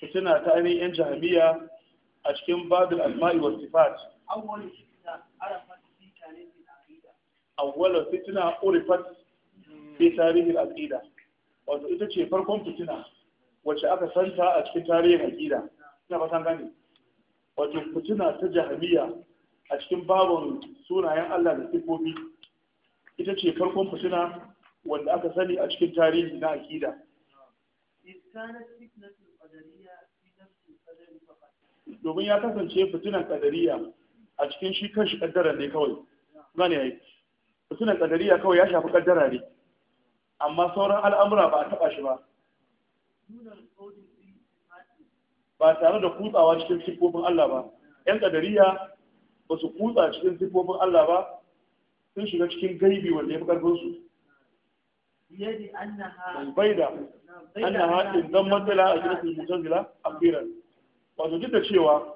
fitina ta ainihin yan jahamiya a cikin babul asma'i wa sifat awwala fitina urifat fi tarihin al'aqida wato ita ce farkon fitina wacce aka santa a cikin tarihin al'aqida ina fatan gane wato fitina ta jahamiya a cikin babun sunayen Allah da sifofi ita ce farkon fitina wanda aka sani a cikin tarihi na aqida domin ya kasance fitinan kadariya a cikin shi kan shi kaddara ne kawai gane yayi fitinan kadariya kawai ya shafi kaddara ne amma sauran al'amura ba a taba shi ba ba tare da kutsawa cikin siffofin Allah ba yan kadariya ba su kutsa cikin siffofin Allah ba sun shiga cikin gaibi wanda ya fi karfin su baida haɗin don matsala a jirgin a akhiran wato duk da cewa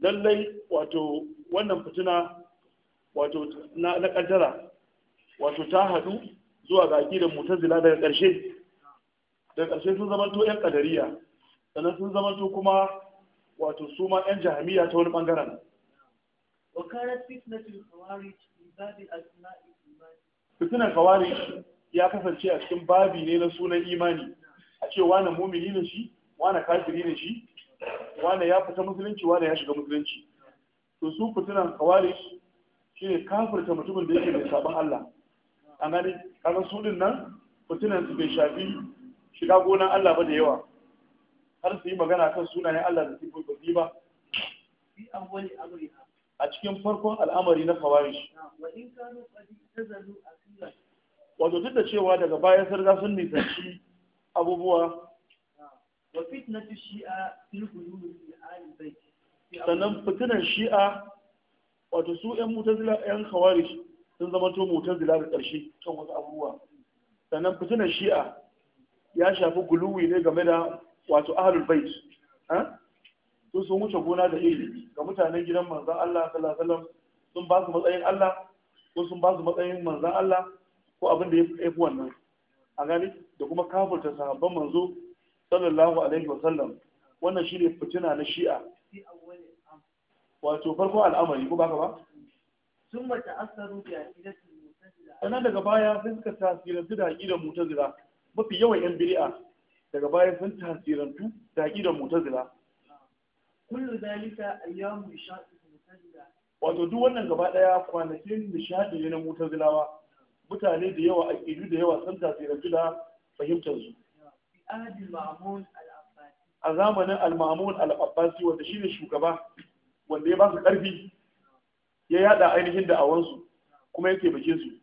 lallai wato wannan fitina wato na na wato ta haɗu zuwa ga akidar mutazila daga ƙarshe. daga ƙarshe sun zama to yan kadariya sannan sun zama to kuma wato su ma yan jahamiya ta wani ɓangaren. wa kanat fitnatul ya kasance a cikin babi ne na sunan imani a ce wane mumini ne shi wane kafiri ne shi wane ya fita musulunci wane ya shiga musulunci to su fitinan kawari shi ne kafirta mutumin da yake mai sabon Allah an gani kaga su din nan fitinan su bai shafi shiga gonan Allah ba da yawa har su yi magana kan sunayen Allah da sifofi ba a cikin farkon al'amari na kawari wato duk da cewa daga baya sun sun nisanci abubuwa wa fitnatu shi'a fil ghuyub al bayt sannan fitinan shi'a wato su ƴan mutazila ƴan khawarij sun zama to mutazila da ƙarshe kan wasu abubuwa sannan fitinan shi'a ya shafi guluwi ne game da wato ahlul bait sun sun wuce gona da iri ga mutanen gidan manzan Allah sallallahu alaihi wasallam sun ba su matsayin Allah ko sun ba su matsayin manzan Allah ko abin da ya fi wannan a gani da kuma kafurta sahabban manzo sallallahu alaihi wasallam wannan shi ne fitina na shi'a wato farko al'amari ko baka ba sun mata asaru da aqidatul daga baya sun suka tasirantu da aqidar mu'tazila mafi yawan yan biri'a daga baya sun tasirantu da aqidar mu'tazila kullu zalika ayyamu shaqqi mu'tazila wato duk wannan gaba daya kwanakin nishadi ne na mu'tazilawa mutane da yawa aƙidu da yawa sun tasirantu da fahimtarsu. A zamanin al-Mamun al-Abbasi wanda shi ne shugaba wanda ya ba su ƙarfi ya yada ainihin da'awansu kuma ya taimake su.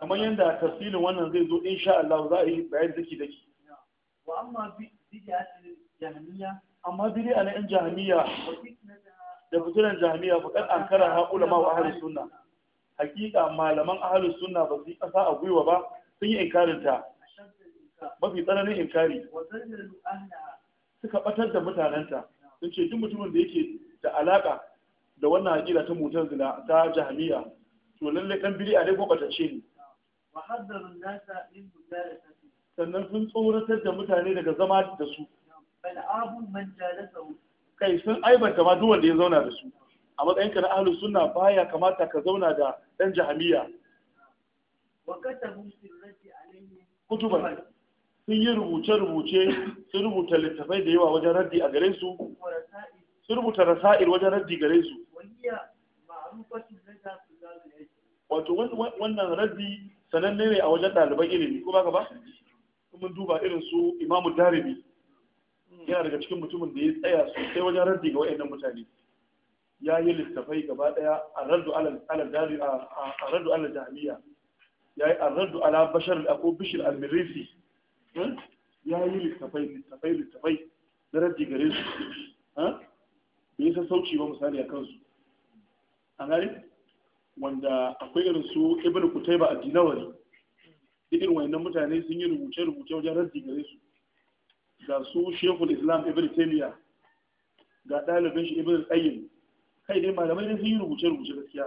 Kamar yadda tafsirin wannan zai zo insha Allah za a yi bayan daki daki. Amma bidi a na 'yan jahamiya da fitunan jami'a fukar an kara haƙula ma wa ahalin sunna. hakika malaman ahalus sunna ba su yi ƙasa a gwiwa ba sun yi inkarin ta mafi tsananin inkari suka batar da mutanenta sun ce duk mutumin da yake da alaka da wannan hakika ta mutar zina ta jahamiya to lalle dan biri dai gwabatacce ne sannan sun tsoratar da mutane daga zama da su kai sun aibanta ma duk wanda ya zauna da su a matsayinka na ahlus sunna baya kamata ka zauna da ɗan jahamiya kutuban sun yi rubuce-rubuce sun rubuta littafai da yawa wajen raddi a gare su sun rubuta rasa'ir wajen raddi gare su wato wannan raddi sananne ne a wajen ɗaliban ilimi ko ba ka ba mun duba irin su imamu daribi yana daga cikin mutumin da ya tsaya sosai wajen raddi ga wa'annan mutane ya yi littafai gaba daya a raddu ala jami'a ya yi arraddu ala bashar da ko bishir almirisi hmm? ya yi littafai littafai littafai na raddi gare su hmm? bai yi sassauci ba misali a kansu a gari wanda akwai irin su ibn kutaiba a dinawari irin nan mutane sun yi rubuce-rubuce wajen raddi gare su ga su shekul islam ibn taimiyya ga ɗalibin shi ibn tsayin kai dai malamai ne sun yi rubuce rubuce gaskiya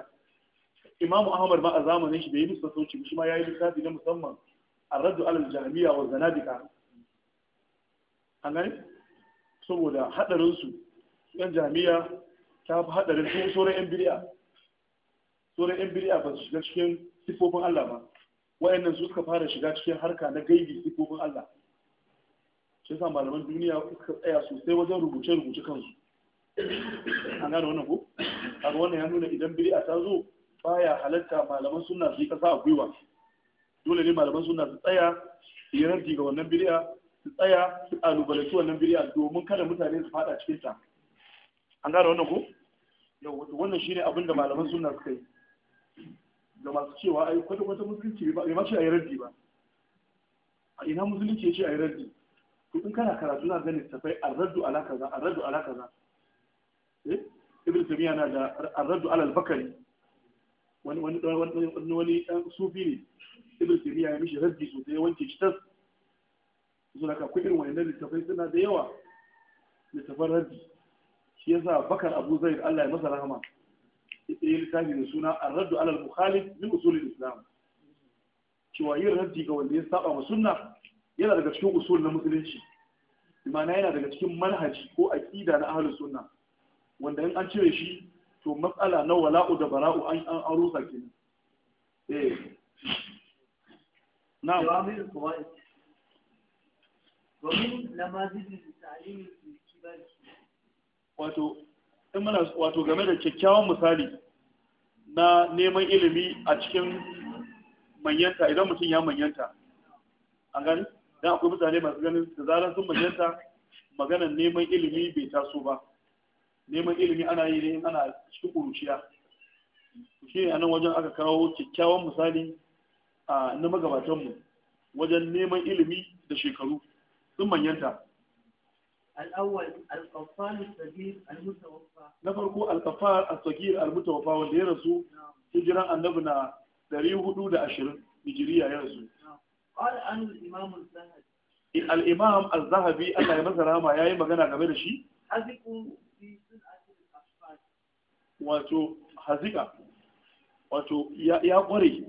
imamu ahmad ma a zamanin shi bai yi musu sauci shi ma yi littafi na musamman a raddu alal jami'a wa zanadika an gani saboda hadarinsu yan jami'a ta fi hadarin sauran yan bid'a sauran yan biriya ba su shiga cikin sifofin Allah ba wa'annan su suka fara shiga cikin harka na gaibi sifofin Allah shi yasa malaman duniya suka tsaya sosai wajen rubuce-rubuce kansu an wani wannan a kaga wannan ya nuna idan a ta zo baya halatta malaman suna su yi kasa a gwiwa dole ne malaman suna su tsaya su yi ranti ga wannan a su tsaya su kalubalanci wannan a domin kada mutane su fada cikin ta an gane wannan ko yau wannan shine abin da malaman suna suka yi da masu cewa ai kwata kwata musulunci bai ma a yi raddi ba a ina musulunci ya ce a raddi to in kana karatu na ganin tafai arraddu ala kaza raddu ala kaza Eh? ibn tamiya na da arraddu alal bakari wani wani wani wani sufi ne ibn tamiya ya mishi raddi sosai wanke shi tas zuwa ka irin wayannan littafai suna da yawa littafan raddi shi yasa bakar abu zaid Allah ya masa rahama ya littafi da suna arraddu alal mukhalif min usulin islam cewa yin raddi ga wanda ya saba wa sunna yana daga cikin usul na musulunci imana yana daga cikin manhaji ko aqida na ahlus sunna wanda in an cire shi to matsala na wala'u da bara'u an an rusa ke eh na wa min qawaid domin wato in muna wato game da kyakkyawan misali na neman ilimi a cikin manyanta idan mutum ya manyanta an gani dan akwai mutane masu ganin da zaran sun manyanta maganar neman ilimi bai taso ba neman ilimi ana yi ne in ana cikin kuruciya shi ne a nan wajen aka kawo kyakkyawan misali a na magabatanmu wajen neman ilimi da shekaru sun manyanta na farko alkafar al-sagir al-mutawaffa wanda ya rasu hijiran annabi na 420 nigeria ya rasu al-imam al-zahabi Allah ya masa rama Ya yi magana game da shi wato hazika wato ya kware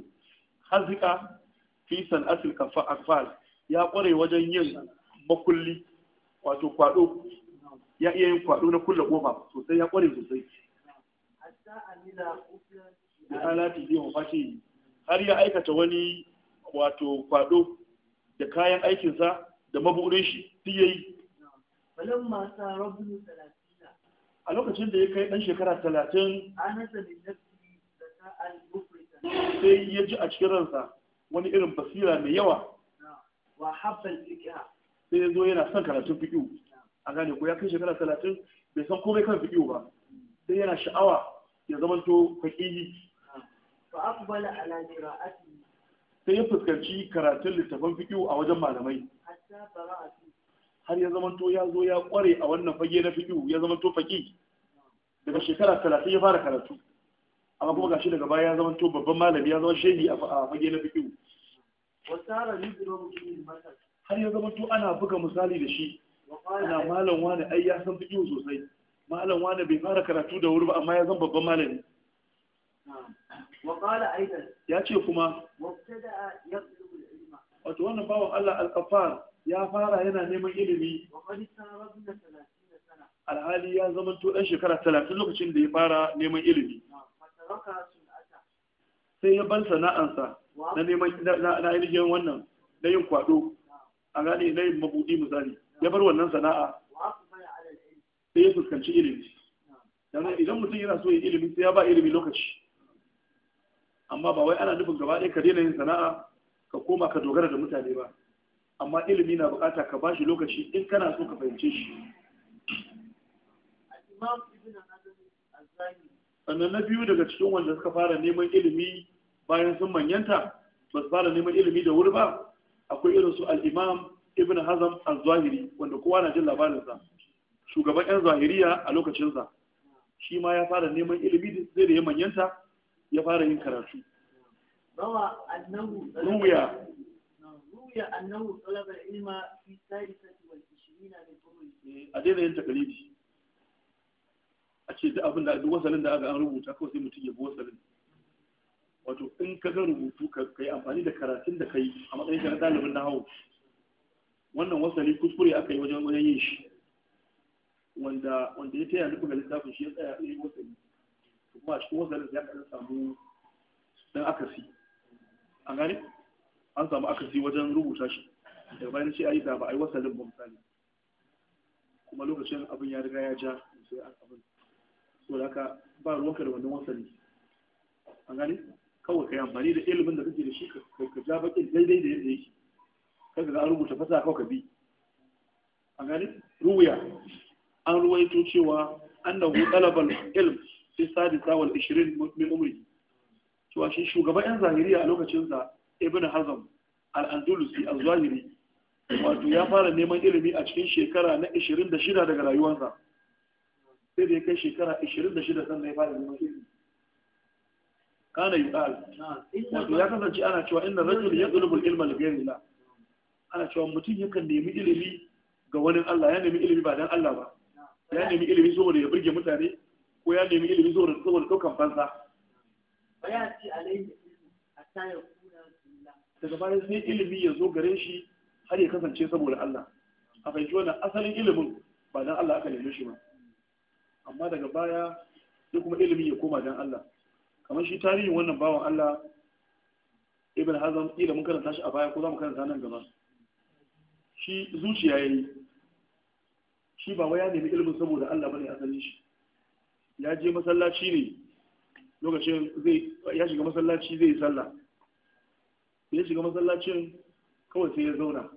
hazika fi san'atul kafal ya kware wajen yin makulli wato kwado ya iya yin kwado na kulle kofa sosai ya kware sosai da alati zai mafashi har ya aikata wani wato kwado da kayan aikinsa da mabuɗin shi duk yayi balan masa rabu a lokacin da ya kai ɗan shekara talatin sai ya ji a cikin ransa wani irin basira mai yawa sai ya zo yana son karatun fiƙi a gane ko ya kai shekara talatin bai san komai kan fiƙi ba sai yana sha'awa ya zamanto faƙihi sai ya fuskanci karatun littafan fiƙi a wajen malamai har ya zamanto ya zo ya kware a wannan fage na fiƙi ya zamanto faƙi daga shekara talatin ya fara karatu amma kuma gashi daga baya ya to babban malami ya zama shehi a fage na fiƙi har ya to ana buga misali da shi ana malam wani ai ya san fiƙi sosai malam wani bai fara karatu da wuri ba amma ya zama babban malami ya ce kuma wato wannan bawan Allah alƙafar ya fara yana neman ilimi alhali ya zamanto ɗan shekara talatin lokacin da ya fara neman ilimi sai ya ban sana'ansa na neman na ainihin wannan na yin kwado a gane na yin mabuɗi misali ya bar wannan sana'a sai ya fuskanci ilimi idan mutum yana so ya ilimi sai ya ba ilimi lokaci amma ba wai ana nufin gaba ɗaya ka daina yin sana'a ka koma ka dogara da mutane ba amma ilimi na bukata ka ba shi lokaci in kana so ka fahimce shi sannan na biyu daga cikin wanda suka fara neman ilimi bayan sun manyanta ba su fara neman ilimi da wuri ba akwai irin su al'imam ibn hazam al-zahiri wanda kowa na jin labarinsa shugaban 'yan zahiriya a lokacinsa shi ma ya fara neman ilimi zai da ya manyanta ya fara yin karatu ruwiya a daina yin takalidi a ce duk abin da duk wasalin da aka an rubuta kawai sai mutum ya bi wato in ka ga rubutu ka yi amfani da karatun da ka yi a matsayin ka na ɗalibin na hau wannan wasali kuskure aka yi wajen wajen yin shi wanda ya taya nufin littafin shi ya tsaya ya yi wasali kuma a cikin wasalin ya a gani an samu akasi wajen rubuta shi da bayan shi ayi da ba ai wasalin ba misali kuma lokacin abin ya riga ya ja sai an abin so da ka ba ruwanka da wannan wasali an gani kawai ka yi amfani da ilimin da kake da shi ka ja bakin daidai da yadda yake kaga ga an rubuta fasaha kawai ka bi an gani ruwaya an ruwaito cewa annahu talabal ilm fi sadisa wal 20 min umri cewa shi shugaban yan zahiriya a lokacin sa ibn hazm al-andalusi al-zahiri wato ya fara neman ilimi a cikin shekara na 26 daga rayuwarsa sai da ya kai shekara 26 sannan ya fara neman ilimi kana yuqal wato ya kasance ana cewa inda rajul ya al-ilma li ghayri Allah ana cewa mutum yakan nemi ilimi ga wani Allah ya nemi ilimi ba dan Allah ba ya nemi ilimi saboda ya burge mutane ko ya nemi ilimi saboda saboda daukan fansa ci alayhi hatta daga bayan sai ilimi ya zo gare shi har ya kasance saboda Allah a fahimci wannan asalin ilimin ba dan Allah aka neme shi ba amma daga baya sai kuma ilimi ya koma dan Allah kamar shi tarihin wannan bawan Allah ibn hazm ila mun karanta shi a baya ko za mu karanta nan gaba shi zuciya yayi shi ba wai ya nemi ilimin saboda Allah bane asalin shi ya je masallaci ne lokacin zai ya shiga masallaci zai yi sallah ya shiga masallacin kawai sai ya zauna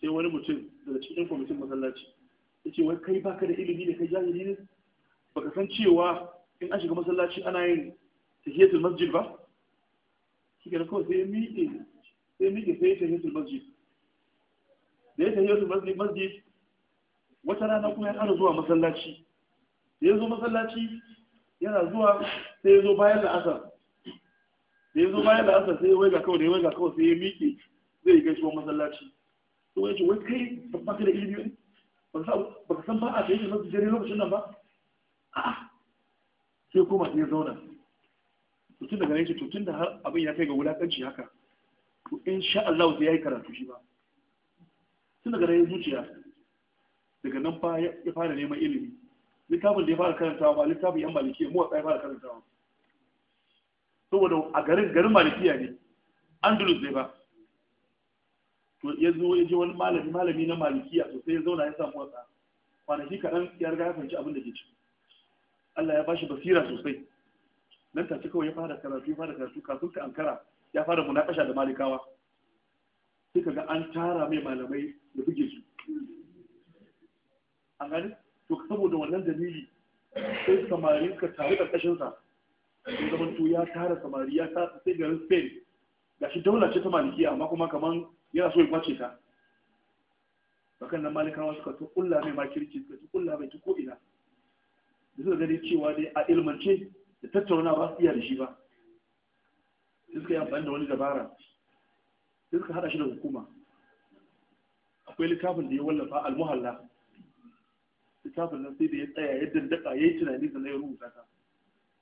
sai wani mutum daga cikin kwamitin masallaci ya ce wai kai baka da ilimi da kai jahili ne baka san cewa in an shiga masallaci ana yin tahiyatul masjid ba shi kenan kawai sai ya miƙe sai ya miƙe sai ya tahiyatul masjid da ya tahiyatul masjid masjid wata rana kuma ya ƙara zuwa masallaci da ya zo masallaci yana zuwa sai ya zo bayan la'asar da ya zo bayan da asa sai wai ga kawai da ya wai ga kawai sai ya miƙe zai yi gaisuwar masallaci to ya ce wai kai babban ka da ilimi ne ba ka san ba a kai masu jere lokacin nan ba a'a sai koma sai ya zauna to tun daga nan to tun da har abin ya kai ga wulakanci haka to in sha Allah sai ya yi karatu shi ba tun daga nan zuciya daga nan ba ya fara neman ilimi littafin da ya fara karantawa ba littafin yan maliki mu a ya fara karantawa saboda a garin garin malikiya ne andalus ne ba to ya zo ya je wani malami malami na malikiya to sai ya zauna ya samu wasa kwanaki kaɗan ya riga ya fahimci abin da ke ciki Allah ya bashi basira sosai nan take kawai ya fara karatu ya fara karatu kafin ka ankara ya fara munakasha da malikawa sai kaga an tara mai malamai da buge su an gani to saboda wannan dalili sai suka ka tare ƙarƙashin sa sun zama to ya tara samari ya tara sai garin spain ga shi daula ce ta maliki amma kuma kaman yana so ya kwace ta bakan nan malikawa suka to kulla mai makirci suka to kulla mai ko ko'ina. da suka gani cewa dai a ilmance da tattauna ba su iya da shi ba suka yi amfani da wani dabara suka haɗa shi da hukuma akwai littafin da ya wallafa al-muhalla littafin nan sai da ya tsaya ya dandaka ya yi tunani da na ya rubuta ta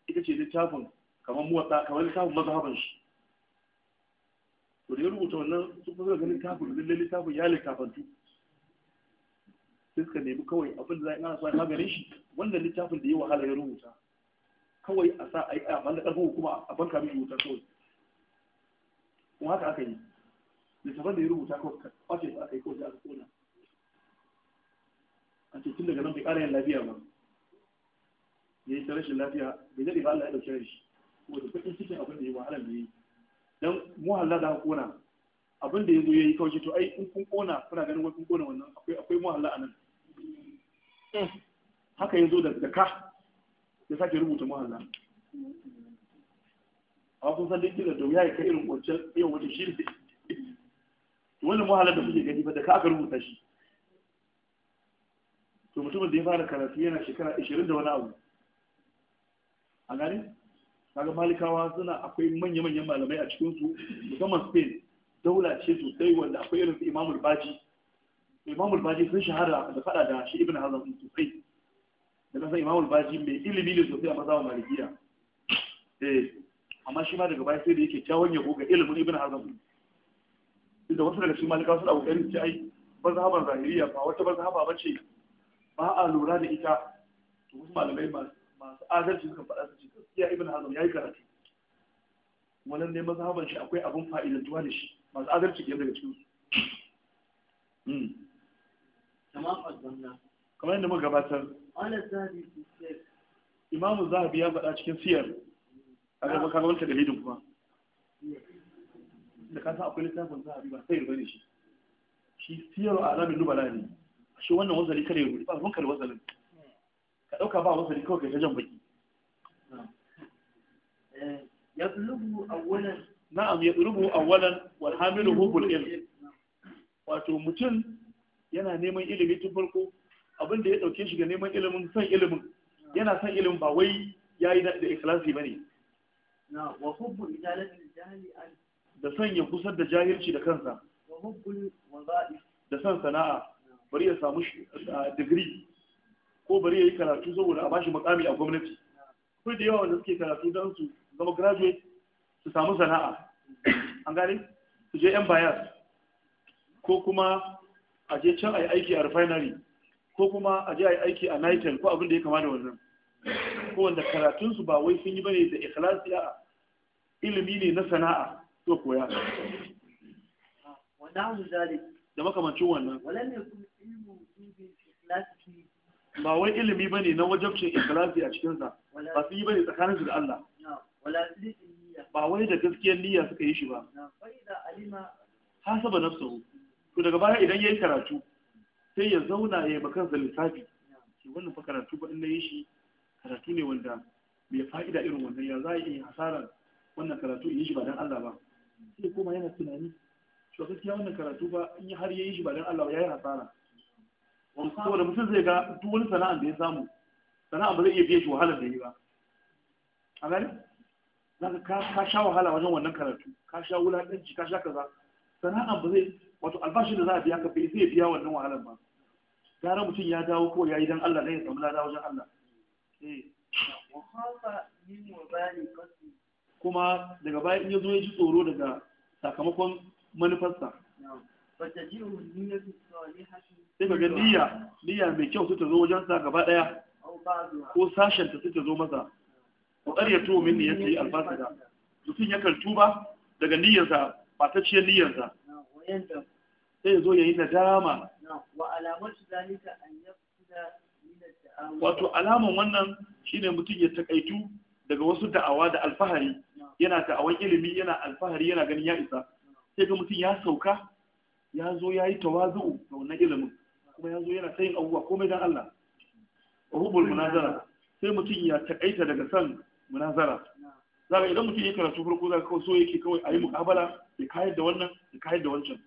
ita ce littafin kamar muwatsa kamar littafin mazhaban shi to da ya rubuta wannan su kusa ga littafin lalle littafin ya littafantu sai suka nemi kawai abin da za a ana so a maganin shi wanda littafin da ya wahala ya rubuta kawai a sa a yi a banda ƙarfin hukuma a banka mai rubuta kawai kuma haka aka yi littafin da ya rubuta kawai kwace su aka yi kawai aka kona an ce tun daga nan bai ƙara yin lafiya ba ya yi ta rashin lafiya bai daɗe ba Allah ya ɗauki rashi saboda baƙin cikin abin da ya wahalar da yi dan mu halla da kona abin da ya zo ya yi kawai to ai in kun kona kuna ganin wai kun kona wannan akwai akwai mu halla anan haka ya zo da ka ya sake rubuta mu halla a kun san dinki da to ya kai irin wancan yau wata shi wannan mu halla da kuke gani ba da ka aka rubuta shi to mutumin da ya fara karatu yana shekara 20 da wani abu a gane kaga malikawa suna akwai manya-manyan malamai a cikinsu musamman spain daula ce sosai wanda akwai irin su imamul baji imamul baji sun shahara da fada da shi ibn hazan sosai da kasan imamul baji mai ilimi ne sosai a mazawa malikiya eh amma shi ma daga baya sai da yake kyawun yabo ga ilimin ibn hazan inda wasu daga cikin malikawa suna kokarin ce ai mazhaban zahiriya ba wata mazhaba ba ce ba a lura da ita to wasu malamai masu masu adalci suka faɗa su ce gaskiya ibn hazm yayi karatu wannan ne mazhaban shi akwai abin fa'idantuwa da shi masu adalci ke daga cikin su hmm. kamar yadda muka gabatar imamu zahabi ya faɗa cikin siyar a ga baka wanta dalilin kuma da ka san akwai littafin zahabi ba sai bane shi shi siyar a alamin nubala ne shi wannan wazali kare ya rubuta ba ruwan kare wazalin ka ɗauka ba musu kawai kai jan baki eh, ya na'am ya rubu awalan wal hamilu hubul ilm wato mutum yana neman ilimi tun farko abin da ya dauke shi ga neman ilimin san ilimin yana san ilimin ba wai yayi da ikhlasi bane na wa hubbu jahili an da son ya kusar da jahilci da kansa da son sana'a bari ya samu digiri ko bari ya yi karatu saboda a bashi mukami a gwamnati akwai da yawa wanda suke karatu don su zama graduate su samu sana'a an gane su je yan bayas ko kuma a je can a yi aiki a refinery ko kuma a je a yi aiki a nitel ko abin da ya kama da wannan ko wanda karatunsu ba wai sun yi bane da ikhlasi a ilimi ne na sana'a to koya da makamancin wannan ba wai ilimi bane na wajabcin ikhlasi a cikin sa ba su yi bane tsakanin su da Allah ba wai da gaskiyar niyya suka yi shi ba hasaba nafsuhu to daga baya idan yi karatu sai ya zauna ya yi kansa lissafi shi wannan fa karatu ba in yi shi karatu ne wanda mai fa'ida irin wannan ya za a yi hasarar wannan karatu in yi shi ba dan Allah ba sai koma yana tunani to gaskiya wannan karatu ba in har yi shi ba dan Allah ba yi hasara saboda mutum zai ga duk wani sana'a da ya samu sana'a ba zai iya biye shi wahala da yi ba a gani zaka ka ka sha wahala wajen wannan karatu ka sha wulaƙanci ka sha kaza sana'a ba zai wato albashi da za a biya ka bai zai biya wannan wahalar ba gara mutum ya dawo ko ya yi dan Allah ne ya samu lada wajen Allah eh kuma daga baya in ya zo ya ji tsoro daga sakamakon manufarsa sai kaga niyya niyya mai kyau suka zo wajen sa gaba daya ko sashen ta suka zo masa ko ya tuwo min ya ce yi albasada mutum kaltu ba daga niyyarsa ba ta ciyar niyyarsa sai ya zo ya yi na dama. wato alaman wannan shine mutum ya takaitu daga wasu da'awa da alfahari yana ta'awan ilimi yana alfahari yana ganin ya isa sai ga mutum ya sauka ya zo ya yi tawazu da wannan ilimin kuma ya zo yana sayin abubuwa komai don Allah rubul munazara sai mutum ya takaita daga san munazara zaka idan mutum ya karatu farko zaka kawai so yake kawai a yi muƙabala ya kayar da wannan ya kayar da wancan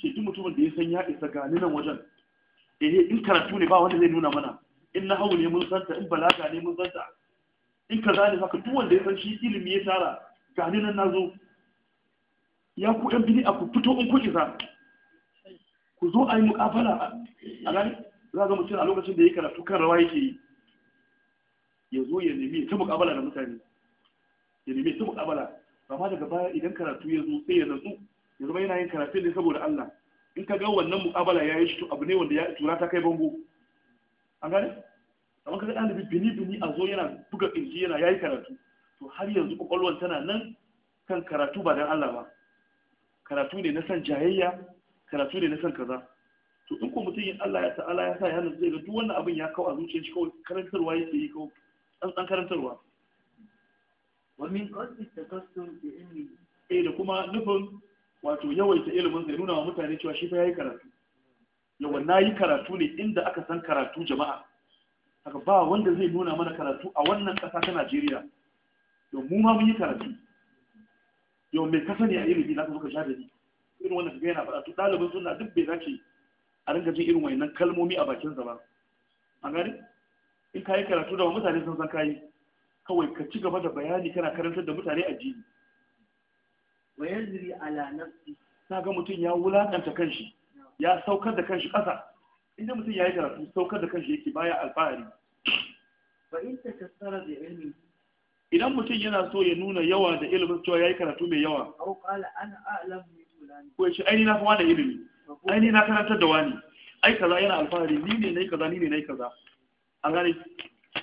ce duk mutumin da ya san ya isa gani nan wajen eh in karatu ne ba wanda zai nuna mana in na hau ne mun santa in balaga ne mun santa in ka ne haka duk wanda ya san shi ilimi ya tara gani nan nazo ya ku yan bini a ku fito in ku isa ku zo a yi mukafala a gani za ga mutum a lokacin da ya karatu kan rawa yake yi ya zo ya nemi ta mukabala da mutane ya nemi ta mukabala ma daga baya idan karatu ya zo sai ya ya zama yana yin karatu ne saboda Allah in ka ga wannan mukabala ya yi shi abu ne wanda ya tura ta kai bango an gane amma kaga ɗalibi bini bini a zo yana buga ƙirji yana yayi karatu to har yanzu kwakwalwar tana nan kan karatu ba don Allah ba karatu ne na san jayayya karatu ne na san kaza to in ko mutum Allah ya ta'ala ya sa ya nan zai ga duk wannan abin ya kawo a zuciyar shi kawai karantarwa yake yi kawai dan karantarwa wa min qasdi takassum bi ilmi eh da kuma nufin wato yawaita ilimin zai nuna wa mutane cewa shi fa yayi karatu yawa na yi karatu ne inda aka san karatu jama'a haka ba wanda zai nuna mana karatu a wannan ƙasa ta Najeriya yau mu ma mun yi karatu yau mai kasa ne a ilimi za ka zo ka sha da irin wannan kaga yana faɗa to ɗalibin suna duk bai dace a rinka jin irin wannan kalmomi a sa ba a gani in ka yi karatu da mutane sun san ka yi kawai ka ci gaba da bayani kana karantar da mutane a jini wa yanzuri ala nafsi na ga mutum ya wulakanta kanshi ya saukar da kanshi ƙasa inda mutum ya yi karatu saukar da kanshi yake baya alfahari wa in ta kasara da ilmi idan mutum yana so ya nuna yawa da ilimin cewa ya yi karatu mai yawa au qala ana a'lamu ko shi ce ai na fi wani ilimi ai na karantar da wani ai kaza yana alfahari ni ne nayi kaza ni ne nayi kaza an gane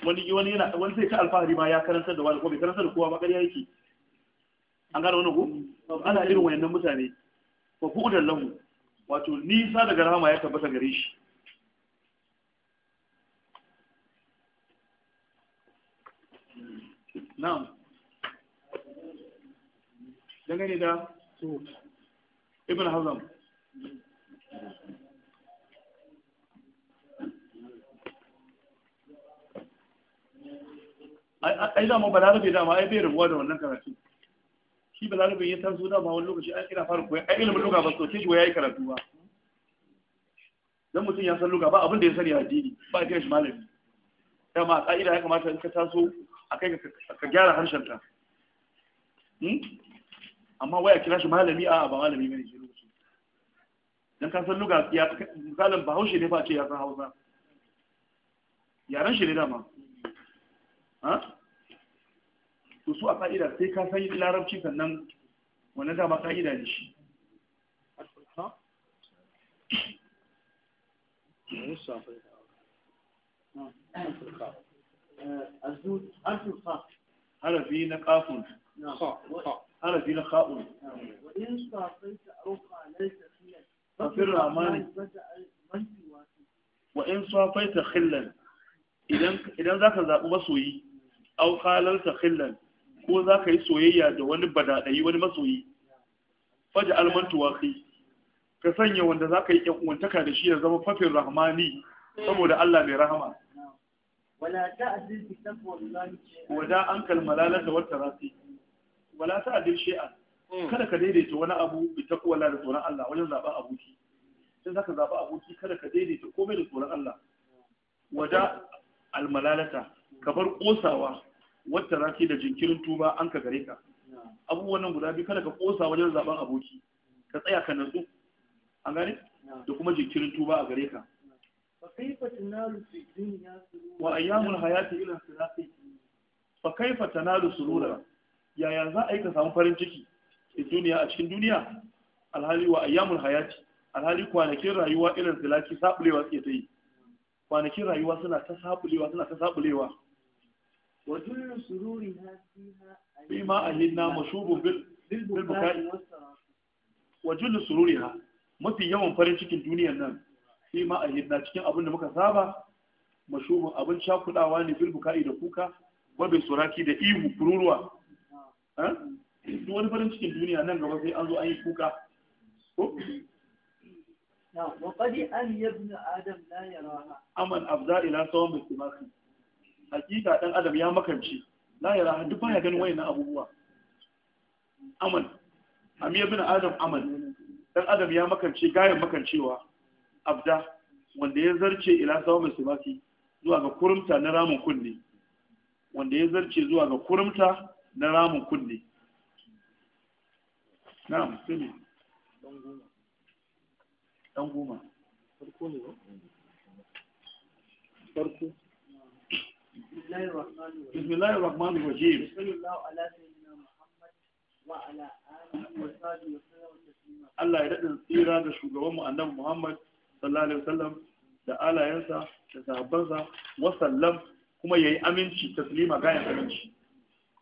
wani wani yana wani sai ka alfahari ma ya karantar da wani ko bai karantar da kowa ba ƙarya yake an gane wani ko ana irin wayannan mutane ko fa fu'udan lahu wato nisa daga rahama ya tabbata gare shi na'am dangane da so ابن حزم ai da mu balarabe da ma ai bai rubuwa da wannan karatu shi balarabe ya taso da ma wani lokaci ai ina fara koyi ai ilimin lugha ba soke shi yayi karatu ba dan mutum ya san lugha ba abin da ya sani addini ba kira shi malami dama a ka'ida ya kamata in ka taso a ka gyara harshen ka hmm? amma waya kira shi malami a ba malami bane shi lokaci dan ka san luga ya misalin bahaushe ne fa ce ya san hausa yaran shi ne dama ha to su a ka'ida sai ka san larabci sannan wannan dama ka'ida ne shi harafi na kafin harafi na kha'un صافيت safaita ليس laita khillan kafin ramani صافيت in idan za ka zaɓi masoyi ko za ka yi soyayya da wani badaɗayi wani masoyi faja almantu waƙi. ka sanya wanda za ka yi ƴan'uwantaka da shi ya zama fafin rahmani saboda Allah mai rahama wada an kalmala lata wata rafi wala ta adil a. Hmm. kada ka daidaita wani abu bi taqwa Allah da tsoron Allah wajen zaɓa aboki sai zaka zaɓa aboki kada ka daidaita komai da tsoron Allah wada almalalata ka bar kosawa wata raki da jinkirin tuba an ka gare ka abubuwan nan guda biyu kada ka kosa wajen zaɓen aboki ka tsaya ka natsu an gane da kuma jinkirin tuba a gare ka wa ayyamul hayati ila sirati fa kaifa tanalu surura yaya za a yi ka samu farin ciki a duniya a cikin duniya alhali wa ayyamul hayati alhali kwanakin rayuwa irin silaki sabulewa suke ta yi kwanakin rayuwa suna ta sabulewa suna ta sabulewa wa dullu sururiha fiha bima ahinna mashubun bil bukai wa jullu sururiha mafi yawan farin cikin duniyar nan fi ma ayyadna cikin abin da muka saba mashubin abin cakudawa ne bil bukai da kuka wa bai suraki da ihu kururuwa duk wani farin cikin duniya nan gaba sai an zo an yi kuka وقد أن ila tsawon لا يراها Hakika أبدا Adam ya التماس حقيقة أن آدم يا مكمشي لا يراها دبا يا جن وين أبو بوا Adam أم dan adam ya makance gayan makancewa abda wanda ya zarce ila sawon musulmati zuwa ga kurumta na ramin kunne wanda ya zarce zuwa ga kurumta na ramin kunne na'am sai ne dan goma farko ne farko بسم الله الرحمن الرحيم صلى الله على ya محمد وعلى آله وصحبه وسلم تسليما الله يدعو الصيرة da alayensa da sahabbansa wasallam kuma ya yi aminci taslima gaya aminci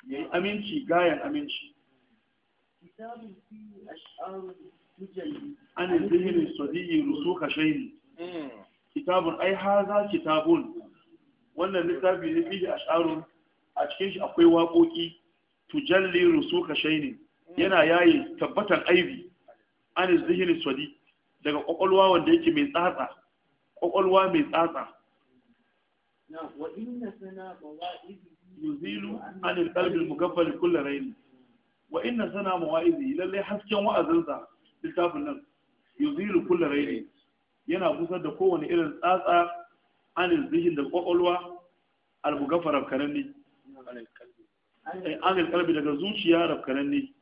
ya yi aminci gayan aminci an zihirin sadiyi rusuka shaini hmm. kitabun ai haza kitabun wannan littafi ne fiye ash'arun a cikin shi akwai waƙoƙi tujalli rusuka shaini hmm. yana yaye tabbatan aibi an zihirin sadi daga ƙwaƙwalwa wanda yake mai tsatsa ƙwaƙwalwa mai tsatsa na wa inna sana bawa'izi yuzilu anil qalbil mugaffal kullu rayn wa inna sana mawa'izi lalle hasken wa'azinsa littafin nan yuzilu kullu rayn yana kusa da kowane irin tsatsa anil zihin da kwakwalwa al mugaffal rafkananni anil qalbi daga zuciya rafkananni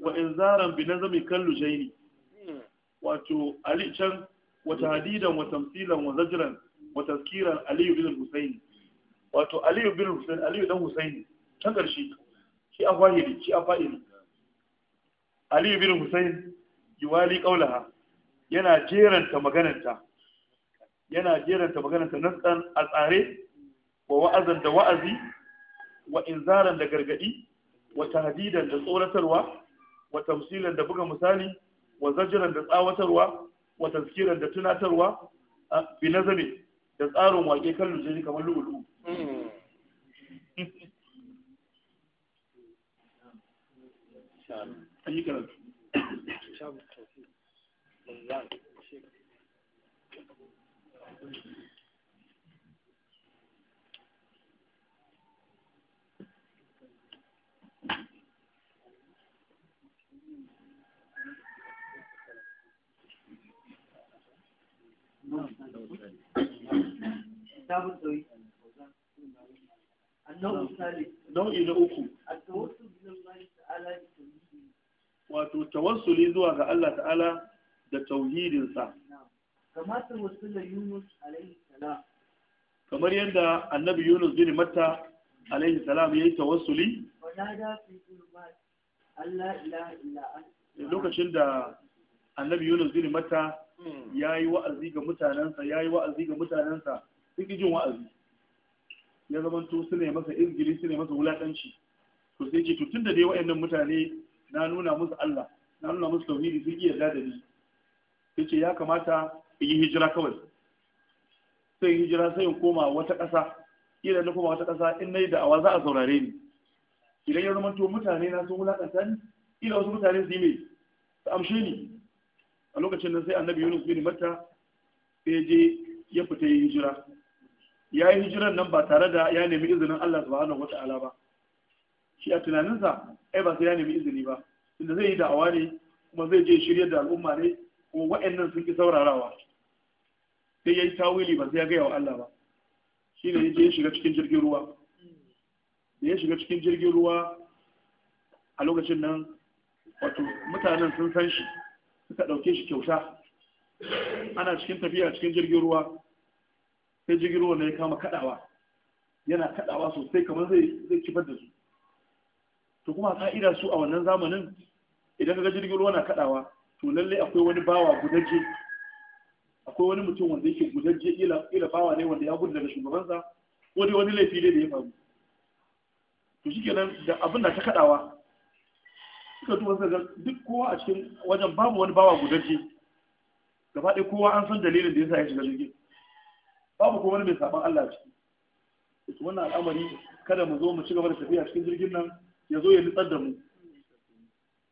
wa inzaran bi nazami kallu jaini wato ali can wa tahdidan wa tamthilan wa zajran wa aliyu bin husaini wato aliyu bin husaini aliyu dan husaini ta karshe shi a wahiri shi a fa'ili aliyu bin husaini yuwali qaulaha yana jeranta maganarta, yana jeranta maganarta nasan a tsare wa wa'azan da wa'azi wa inzaran da gargadi wa tahdidan da tsoratarwa wa tamsilan da buga misali wa zajiran da tsawatarwa wa tazkiran da tunatarwa bi nazami da tsarin wake kan lujiri kamar lulu Thank you. nau'i na uku wato tawassuli zuwa ga Allah ta'ala da tauhidinsa kamar yadda annabi yunus bin matta alaihi salam ya yi tawassuli lokacin da annabi yunus bin matta hmm. ya yi wa'azi ga mutanensa ya yi wa'azi ga mutanensa sun jin wa'azi ya zama to suna yi masa izgili suna yi masa wulaƙanci to sai ce to tun da dai wa'annan mutane na nuna musu Allah na nuna musu tauhidi sun iya da ni sai ce ya kamata in yi hijira kawai sai hijira sai in koma wata ƙasa idan na koma wata ƙasa in na yi da'awa za a saurare ni idan ya zama to mutane na sun wulaƙanta ni ila wasu mutane su yi mai su amshe ni a lokacin nan sai annabi yunus bin matta sai je ya fita yi hijira ya yi hijiran nan ba tare da ya nemi izinin Allah subhanahu wata'ala ba shi a tunaninsa ai ba sai ya nemi izini ba inda zai yi da'awa ne kuma zai je shirya da al'umma ne kuma wa'annan sun ki saurarawa sai ya yi tawili ba sai ya gaya wa Allah ba shi ne ya shiga cikin jirgin ruwa da ya shiga cikin jirgin ruwa a lokacin nan wato mutanen sun san shi suka ɗauke shi kyauta ana cikin tafiya cikin jirgin ruwa sai jirgin ne ya kama kadawa yana kadawa sosai kamar zai zai kifar da su to kuma ka'ida su a wannan zamanin idan ka ga jirgin ruwa na kadawa to lalle akwai wani bawa gudaje akwai wani mutum wanda yake gudaje ila ila bawa ne wanda ya gudu daga shugabansa ko dai wani laifi ne da ya faru to shikenan da abin da ta kadawa suka tuba suka duk kowa a cikin wajen babu wani bawa gudaje gaba ɗaya kowa an san dalilin da yasa ya shiga jirgin babu kuma wani mai saban Allah ciki wannan al'amari kada mu zo mu ci gaba da tafiya cikin jirgin nan ya zo ya nutsar da mu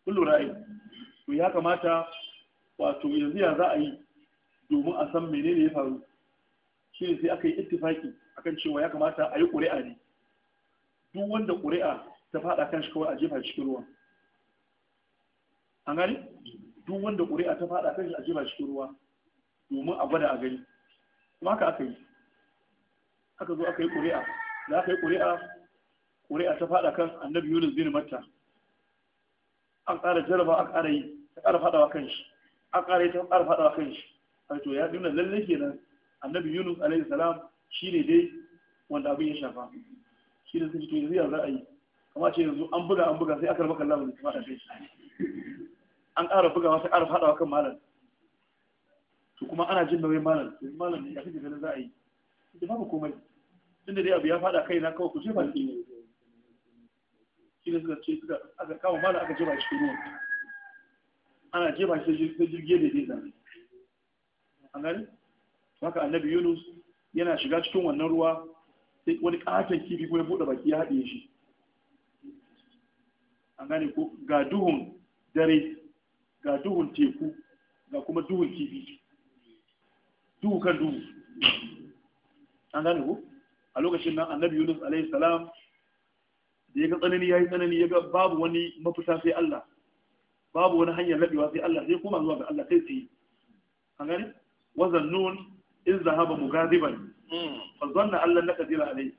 kullu ra'ayi to ya kamata wato yanzu ya za a yi domin a san menene ya faru shi ne sai aka yi ittifaki akan cewa ya kamata a yi ƙuri'a ne duk wanda ƙuri'a ta faɗa kan shi kawai a jefa cikin ruwa an gani duk wanda ƙuri'a ta faɗa kan shi a jefa cikin ruwa domin a gwada a gani maka aka yi aka zo aka yi ƙuri'a da aka yi ƙuri'a ƙuri'a ta faɗa kan annabi yunus bin matta an ƙara jaraba an ƙara yi ta ƙara faɗawa kan shi an ƙara yi ta ƙara faɗawa kan shi wato ya nuna lalle kenan annabi yunus Alayhi salam shi ne dai wanda abin ya shafa shi da suke yanzu ya za a yi amma ce yanzu an buga an buga sai aka raba kallon da kuma da shi an ƙara buga ta ƙara faɗawa kan malam to kuma ana jin nauyin malam yanzu malam ne ya fi ganin za a yi da babu komai tunda dai abu ya faɗa kai na kawai ku jefa shi ne shi ne suka ce suka aka kawo malam aka jefa shi ruwan ana jefa shi sai jirgi da zai zama. an gani haka annabi yunus yana shiga cikin wannan ruwa sai wani katon kifi ko ya buɗe baki ya haɗe shi an gane ko ga duhun dare ga duhun teku ga kuma duhun kifi duhu kan duhu an gane ku a lokacin nan annabi yunus alaihi salam da ya ga tsanani ya yi tsanani ya ga babu wani mafita sai allah babu wani hanyar laɓewa sai allah sai kuma zuwa ga allah sai tsaye an gane wazan nun in zahaba mugaziban hmm. fa zanna allah na kadira alaihi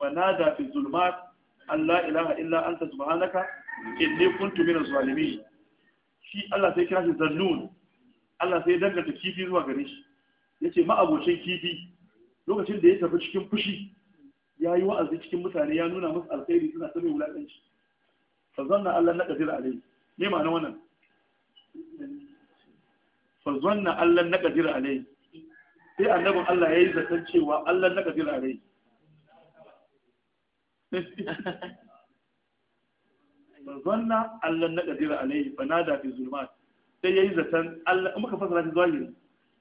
fa nada fi zulmat allah ilaha illa anta subhanaka inni kuntu min zalimin shi allah sai kira shi zannun allah sai danganta kifi zuwa gare shi ya ce ma'abocin kifi lokacin da ya tafi cikin fushi ya yi wa'azi cikin mutane ya nuna musu alkhairi suna sami wulaƙanci fazanna Allah na ƙazira alai me ma'ana wannan fazanna Allah na ƙazira alai sai annabin Allah ya yi zaton cewa Allah na ƙazira alai fazanna Allah na ƙazira alai fanada fi zulmat sai ya yi zaton Allah muka fasara shi zahiri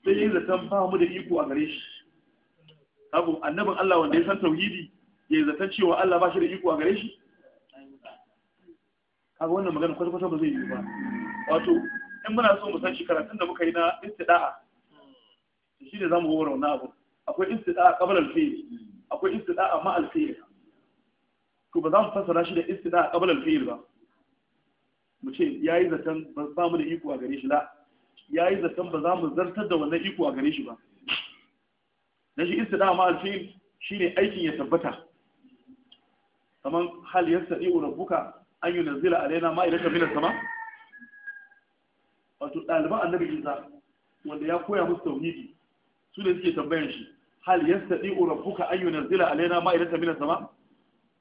sai yin zaton ba mu da iko a gare shi abu annabin Allah wanda ya san tauhidi ya yi zaton cewa Allah ba shi da iko a gare shi kaga wannan magana kwata-kwata ba zai yi ba wato in muna so mu san shi karatun da muka yi na istida'a shi ne zamu gora wannan abu akwai istida'a qabla al-fi'l akwai istida'a ma al-fi'l to ba za mu fassara shi da istida'a qabla al-fi'l ba mu ce yayi zaton ba mu da iko a gare shi la ya yi zaton ba za mu zartar da wannan iko a gare shi ba na shi istida ma alfil shi ne aikin ya tabbata kamar hal ya iya rabbuka an yi nazila a daina ma'ilaka minas sama wato ɗaliban annabi isa wanda ya koya musu tauhidi su ne suke tambayan shi hal ya iya rabbuka an yi nazila a daina ma'ilaka minas sama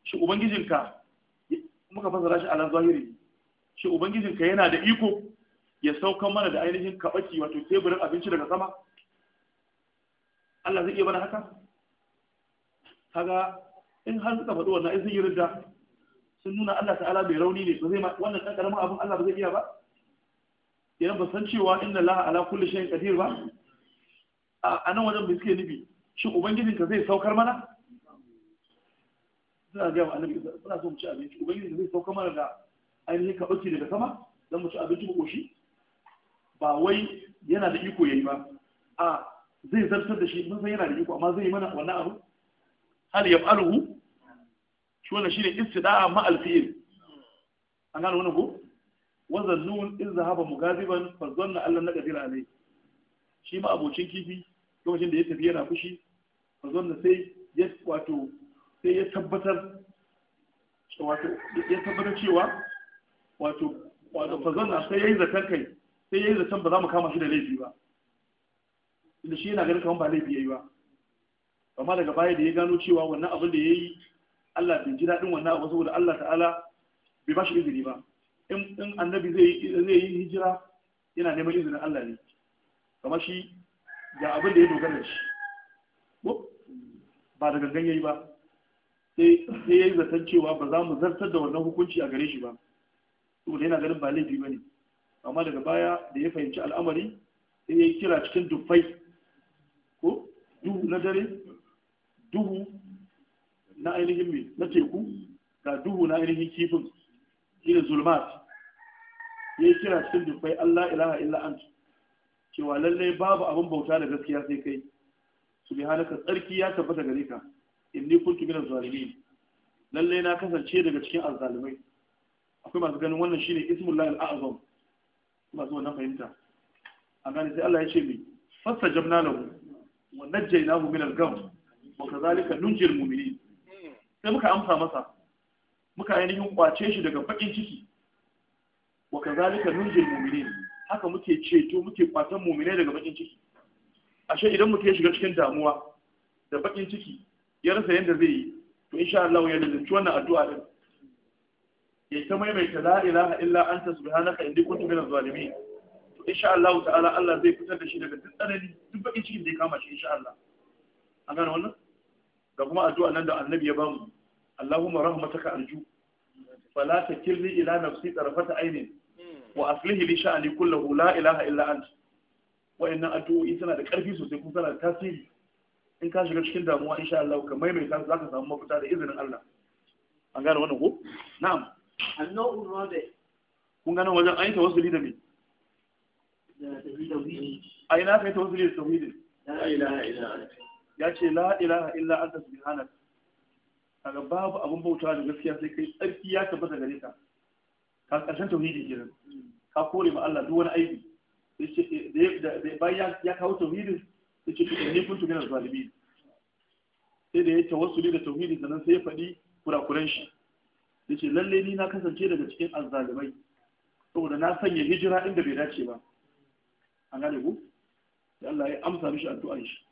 shi ubangijinka muka fasara shi a lan zahiri shi ubangijinka yana da iko ya saukan mana da ainihin kabaki wato teburin abinci daga sama Allah zai iya bana haka kaga in har suka faɗo wannan sun yi ridda sun nuna Allah ta'ala bai rauni ne ba zai ma wannan ɗan ƙaramin abin Allah ba zai iya ba idan ba san cewa inna laha ala kulli shay'in qadir ba a nan wajen biske suke nufi shi ka zai saukar mana suna gaya wa annabi suna so mu ci abinci ubangijin zai sauka mana da ainihin ka daga sama dan mu ci abinci mu koshi ba wai yana da iko yayi ba a zai zartar da shi mun san yana da iko amma zai yi mana wannan abu hal yaf'aluhu shi wannan shine istida'a ma al-fi'l an gano wannan ko wa zannun in zahaba mugadiban fa zanna allan naqdir alai shi ma abocin kifi lokacin da ya tafi yana fushi fa zanna sai ya wato sai ya tabbatar wato ya tabbatar cewa wato wato fa zanna sai yayi zakan kai sai ya yi zaton ba za mu kama shi da laifi ba inda shi yana ganin kamar ba laifi ya yi ba amma daga baya da ya gano cewa wannan abin da ya yi Allah bai ji daɗin wannan abu saboda Allah ta'ala bai ba shi izini ba in annabi zai yi hijira yana neman izinin Allah ne kamar shi ga abin da ya dogara shi ba da gangan yi ba sai ya yi zaton cewa ba za mu zartar da wannan hukunci a gare shi ba saboda yana ganin ba laifi ba ne amma daga baya da ya fahimci al'amari sai ya kira cikin dufai ko duhu na dare duhu na ainihin mai na teku ga duhu na ainihin kifin shine zulmat ya yi kira cikin dufai Allah ilaha illa an cewa lallai babu abin bauta da gaskiya sai kai su subhanaka tsarki ya tabbata gare ka ni kuntu gina zalimi lallai na kasance daga cikin azzalimai akwai masu ganin wannan shine ismullahi al'azam masu na fahimta a gane sai Allah ya ce mai fasa jamna lahu wa najjaynahu min al-gham wa kadhalika nunjil mu'minin sai muka amsa masa muka ainihin kwace shi daga bakin ciki wa kadhalika nunjil mu'minin haka muke ceto muke kwatan mu'mine daga bakin ciki ashe idan muke shiga cikin damuwa da bakin ciki ya rasa yadda zai yi to insha Allah ya dalilci wannan addu'a din Mai ta maimaita la ilaha illa anta subhanaka inni kuntu minaz zalimin to insha Allah ta'ala Allah zai fitar da shi daga duk tsanani duk bakin cikin da ya kama shi insha Allah an gane wannan ga kuma addu'a nan da annabi ya bamu Allahumma rahmataka arju fala takilni ila nafsi tarfata ainin hmm. wa aslihi li sha'ani kullahu la ilaha illa anta wa'annan addu'o'i tana da karfi sosai kuma tana da tasiri in ka shiga cikin damuwa insha Allah ka maimaita za ka samu mafita da izinin Allah an gane wannan ko na'am annau rabi kun gano wajen ayyuka wasuli da me ai na kai tawassuli da tauhidin la ilaha illa anta ya ce la ilaha illa anta subhanak kaga babu abun bauta da gaskiya sai kai tsarki ya tabbata gare ka ka karshen tauhidi kenan ka kore ma Allah duk wani aibi eh, bayan ya kawo tauhidin sai ce to ni kuntu gina zalimin sai da ya tawassuli da tauhidin sannan sai ya faɗi kurakuran shi da ce lalle ni na kasance daga cikin azzalibai saboda na sanya hijira inda bai dace ba an gane ku da Allah ya amsa mishi addu'ar shi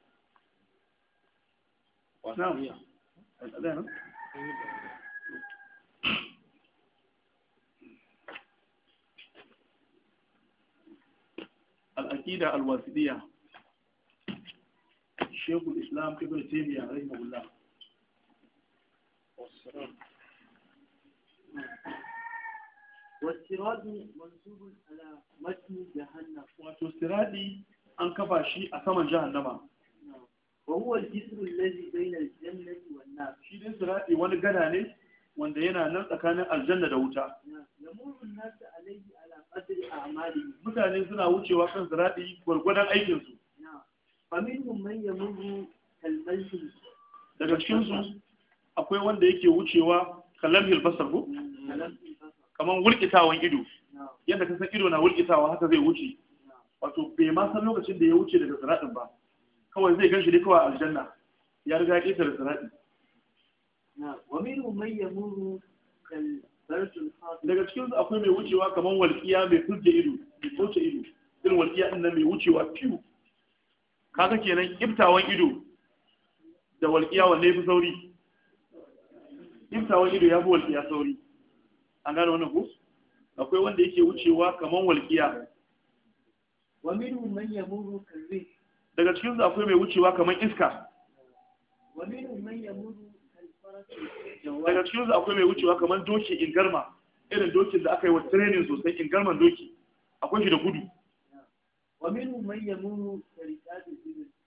wannan ya alƙalai na al'aqida al-wasidiyya Sheikh Islam Ibn Taymiyyah rahimahullah. Wassalam. wato siradi an kafa shi a saman jahannama wa huwa al-jisru alladhi bayna al-jannati wan nar shi dai siradi wani gada ne wanda yana nan tsakanin aljanna da wuta yamuru an-nas alayhi ala qadri a'malihim mutane suna wucewa kan siradi gwargwadon daga cikinsu akwai wanda yake wucewa hil basar ku kamar wulkitawan ido yadda ka san ido na wulkitawa haka zai wuce wato bai ma san lokacin da ya wuce daga sanadin ba kawai zai ganshi ne kawai a aljanna ya riga ya ƙetare sirati daga cikin su akwai mai wucewa kamar walƙiya mai furje ido mai furje ido irin walƙiya ɗin nan mai wucewa fiyu kaga kenan iftawan ido da walƙiya wanne ya fi sauri tawon ido ya fi walƙiya sauri an gane wani ku akwai wanda yake wucewa kamar walƙiya daga cikin su akwai mai wucewa kamar iska daga cikin su akwai mai wucewa kamar doki in garma irin dokin da aka yi wa training sosai garman doki akwai shi da gudu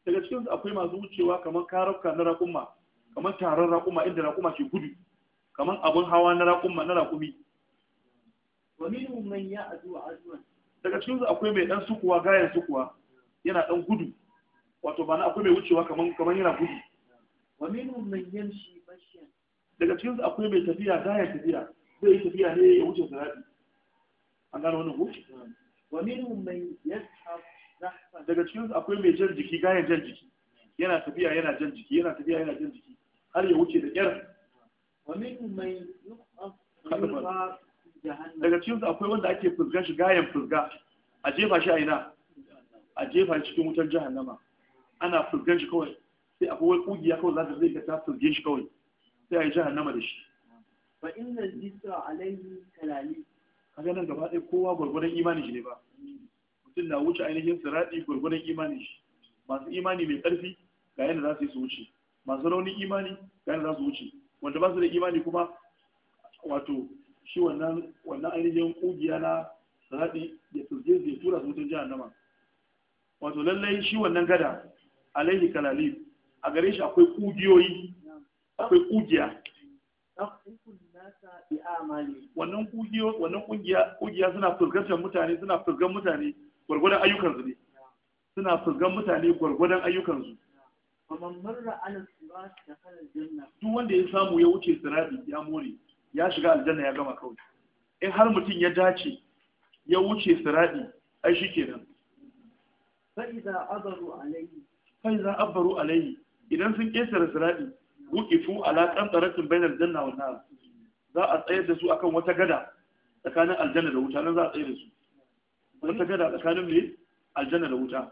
daga cikin su akwai masu wucewa kamar karabka na rakuma kamar taron rakuma inda rakuma ke gudu kamar abun hawa na raƙumma na raƙumi daga cikin su akwai mai dan sukuwa gayan sukuwa yana dan gudu wato ba na akwai mai wucewa kamar yana gudu daga cikin su akwai mai tafiya gayan tafiya zai yi tafiya ne ya wuce sarari an gano wannan ko daga cikin su akwai mai jan jiki gayan jan jiki yana tafiya yana jan jiki yana tafiya yana jan jiki har ya wuce da ƙyar daga cikin su akwai wanda ake fuzgan shi gayan fuzga a jefa shi a ina a jefa shi cikin wutar jahannama ana fuzgan shi kawai sai akwai wai kugiya kawai za zai ga ta shi kawai sai a yi jahannama da shi fa inna jisra alaihi kalali kaga nan gaba ɗaya kowa gwargwadon imanin shi ne ba mutum na wuce ainihin sirati gwargwadon imanin shi masu imani mai ƙarfi ga yadda za su yi su wuce masu raunin imani ga yadda za su wuce wanda ba su da imani kuma wato shi wannan wannan ainihin kugiya na saraɗi ya turje su ya tura su wutar Nama. wato lallai shi wannan gada alaihi kalalib a gare shi akwai kugiyoyi akwai kugiya wannan ƙugiyo wannan suna furgantar mutane suna furgan mutane gwargwadon ayyukansu ne suna furgan mutane gwargwadon ayyukansu duk wanda ya samu ya wuce sirabi ya more ya shiga aljanna ya gama kawai in har mutum ya dace ya wuce sirabi ai shi kenan fa'iza abaru alayhi fa'iza abaru alayhi idan sun kesara sirabi wuqifu ala qantaratin bainal janna wan nar za a tsayar da su akan wata gada tsakanin aljanna da wuta nan za a tsayar da su wata gada tsakanin ne aljanna da wuta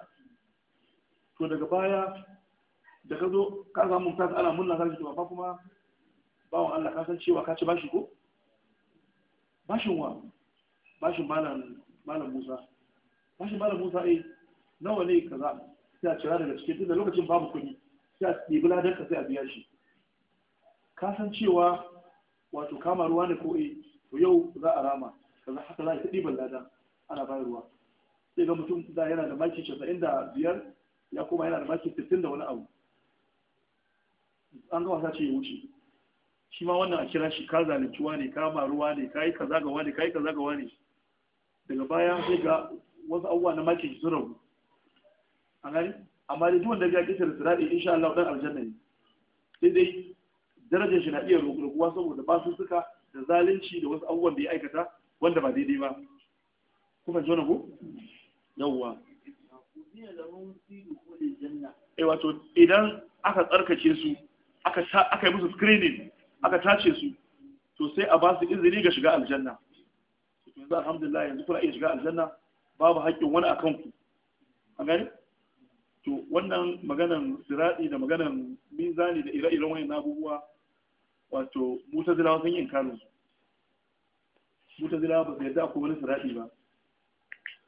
to daga baya da ka zo ka samu ta ana murna za ki to amma kuma bawan Allah ka san cewa ka ci bashi ko bashin wa bashin malam malam Musa bashin malam Musa eh nawa ne kaza sai a cira daga cikin da lokacin babu kuɗi sai a ɗibi ladan ka sai a biya shi ka san cewa wato kama ruwa ne ko eh to yau za a rama kaza haka za a ɗiban lada ana bayarwa sai ga mutum da yana da maki casa'in da biyar ya koma yana da maki 60 da wani abu an ga sace ce ya wuce shi ma wannan a kira shi ka zalunci ne, ka maruwa ne ka yi kaza ga ne ka yi kaza ga ne daga baya sai ga wasu abubuwa na maki su rabu a gani amma da duwanda wanda ya kisa da sirade insha Allah dan aljanna ne sai dai darajar shi na iya rukuwa saboda ba su suka da zalunci da wasu abubuwan da ya aikata wanda ba daidai ba kuma jona ko yawwa eh wato idan aka tsarkace su aka yi musu screening aka tace su to sai a ba su izini ga shiga aljanna yanzu alhamdulillah yanzu kuna iya shiga aljanna babu haƙƙin wani a kanku a gani to wannan maganan siraɗi da maganan mizani da ire-iren wani abubuwa wato mutazilawa sun yi inkarin su mutazilawa ba su yarda ko wani siraɗi ba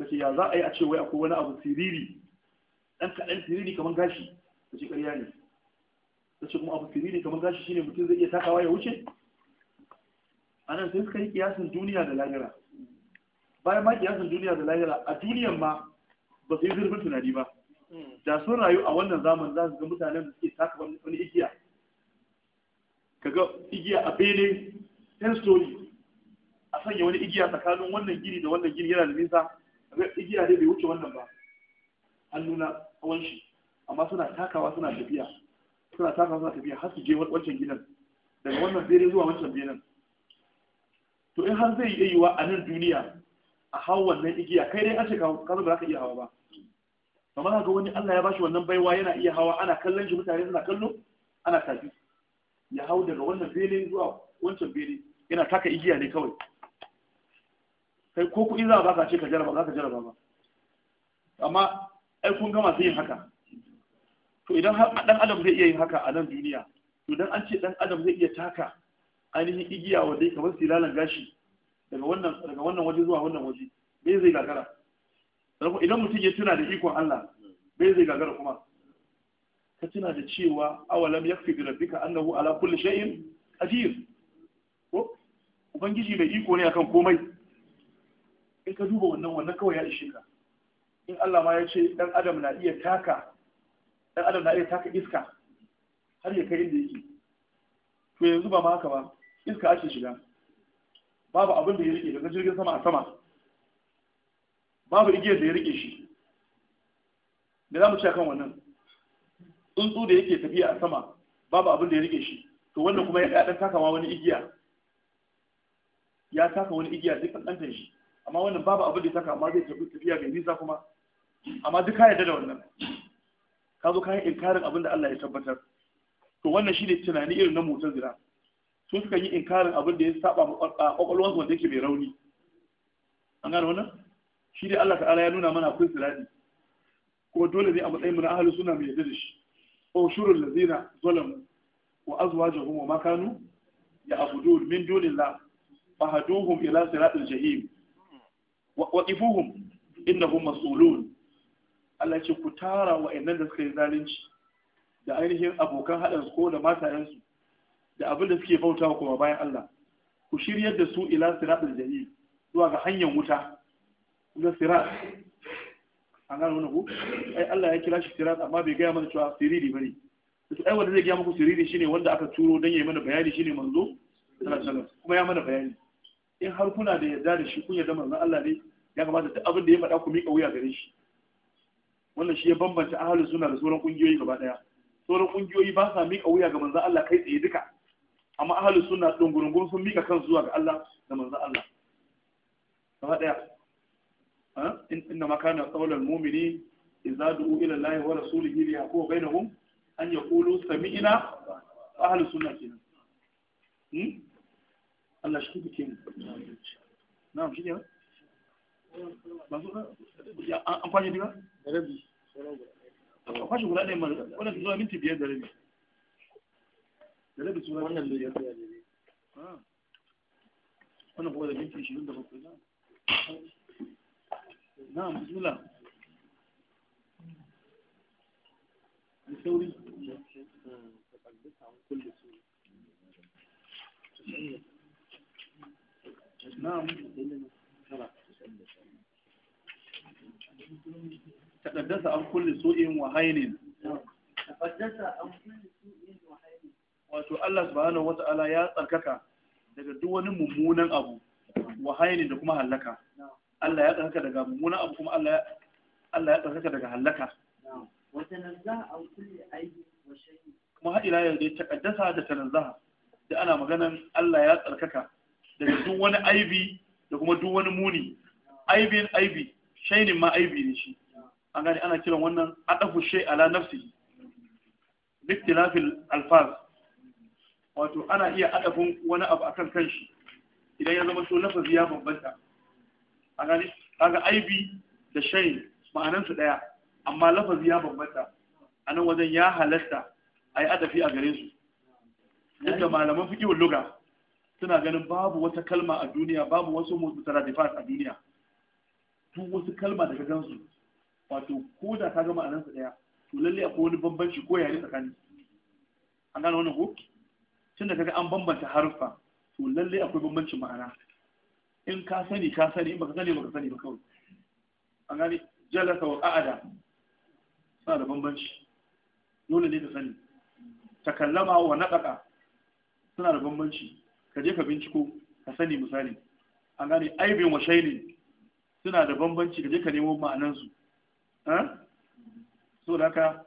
kace ya za a yi a ce wai akwai wani abu siriri dan kaɗan siriri kamar gashi ta ce ƙarya ne ta ce kuma abu siriri kamar gashi shine mutum zai iya takawa ya wuce a nan sai suka yi kiyasin duniya da lahira bayan ma kiyasin duniya da lahira a duniyan ma ba su yi zurfin tunani ba da sun rayu a wannan zaman za su ga mutanen da suke taka wani igiya kaga igiya a bene ten story a sanya wani igiya tsakanin wannan gini da wannan gini yana da nisa kaga igiya dai bai wuce wannan ba an nuna tsawon shi amma suna takawa suna tafiya suna takawa suna tafiya har su je wancan gidan daga wannan bene zuwa wancan benen to in har zai iya yiwa a nan duniya a hau wannan igiya kai dai an ce ka ba za ka iya hawa ba kamar ga wani Allah ya bashi wannan baiwa yana iya hawa ana kallon shi mutane suna kallo ana tafi ya hau daga wannan bene zuwa wancan bene yana taka igiya ne kawai sai ko kuɗi za a baka ce ka jaraba za ka jaraba ba amma ai kun gama zai yin haka to idan dan adam zai iya yin haka a nan duniya to idan an ce dan adam zai iya taka ainihin igiya wanda kamar silalan gashi daga wannan daga wannan waje zuwa wannan waje bai zai gagara idan mutum ya tuna da ikon Allah bai zai gagara kuma ka tuna da cewa awalam yakfi bi rabbika annahu ala kulli shay'in qadir ko ubangiji mai iko ne akan komai in ka duba wannan wannan kawai ya ishe ka in Allah ma ya ce dan adam na iya taka dan adam na iya taka iska har ya kai inda yake to yanzu ba ma haka ba iska ake shiga babu abin da ya rike daga jirgin sama a sama babu igiyar da ya rike shi da za mu ci kan wannan tsuntsu da yake tafiya a sama babu abin da ya rike shi to wannan kuma ya dan takawa wani igiya ya taka wani igiya duk kankantar shi amma wannan babu abin da ya saka amma zai tafi tafiya mai nisa kuma amma duk ka yarda da wannan ka zo ka yi inkarin abin da Allah ya tabbatar to wannan shine tunani irin na mutazila su suka yi inkarin abin da ya saba su wanda yake mai rauni an gane wannan shi dai Allah ta'ala ya nuna mana akwai sirati Ko dole ne a matsayin mu na suna sunna mu yarda da shi aw shurul ladina zalamu wa azwajuhum wa ma kanu ya'budun min dunillah fahduhum ila siratil jahim waqifuhum innahum mas'ulun Allah ce ku tara wa'annan da suka yi zalunci da ainihin abokan haɗarsu ko da matayensu da abin da suke bautawa kuma bayan Allah ku shiryar da su ila siratul jami zuwa ga hanyar wuta ga sirat an gano wani ku ai Allah ya kira shi sirat amma bai gaya mana cewa siriri bane to ai wanda zai gaya muku siriri shine wanda aka turo dan yayi mana bayani shine manzo sallallahu alaihi wasallam kuma ya mana bayani in har kuna da yarda da shi kun yarda manzon Allah ne ya kamata duk abin da ya faɗa ku miƙa wuya gare shi wannan shi ya bambanta ahlus sunna da sauran kungiyoyi gaba daya sauran kungiyoyi ba sa miƙa wuya ga manzon Allah kai tsaye duka amma ahlus sunna dungurungun sun miƙa kan zuwa ga Allah da manzon Allah gaba daya inna ma kana qawlal mu'mini idza du'u ila Allah wa rasulihi li yaqulu bainahum an yaqulu sami'na ahlus sunna kenan hmm? Allah shi kuke mu na'am shi ne ba su an kwashe diga da rabi an kwashe guda ɗaya mara wannan zuwa minti biyar da rabi da rabi sura wannan da biyar wannan kuma da minti ishirin da bakwai na'am bismillah بثوري تقدسها عن كل سورة na'am taqaddasa an kulli su'in wa hainin taqaddasa an kulli su'in wa hainin wato Allah subhanahu ya tsarkaka daga duk wani mummunan abu wa da kuma halaka Allah ya tsarkaka daga mummunan abu kuma Allah Allah ya tsarkaka daga halaka wa tanazzaha an kulli aibin wa shay'in kuma har ila yau dai da tanazzaha da ana maganan Allah ya tsarkaka daga duk wani aibi da kuma duk wani muni aibin aibi shainin ma aibi ne shi an gani ana kiran wannan adafu shay ala nafsihi biktilafil alfaz wato ana iya adafin wani abu akan kanshi idan ya zama so lafazi ya bambanta a gani kaga aibi da shayin ma'anan su daya amma lafazi ya bambanta a nan wajen ya halatta a yi adafi a gare su duk da malaman fi kiwon suna ganin babu wata kalma a duniya babu wasu mutaradifat a duniya duk wasu kalma daga gansu wato ko da ka gama anansa daya to lalle akwai wani bambanci ko yare tsakani an gane wannan ko tun da kaga an bambanta harfa to lalle akwai bambancin ma'ana in ka sani ka sani in baka sani baka sani ba kawai an gane jalasa wa qa'ada suna da bambanci dole ne ka sani takallama wa naqaqa suna da bambanci ka je ka binciko ka sani misali an gane aibin wa ne? suna da bambanci ka je ka nemo ma'anansu so da haka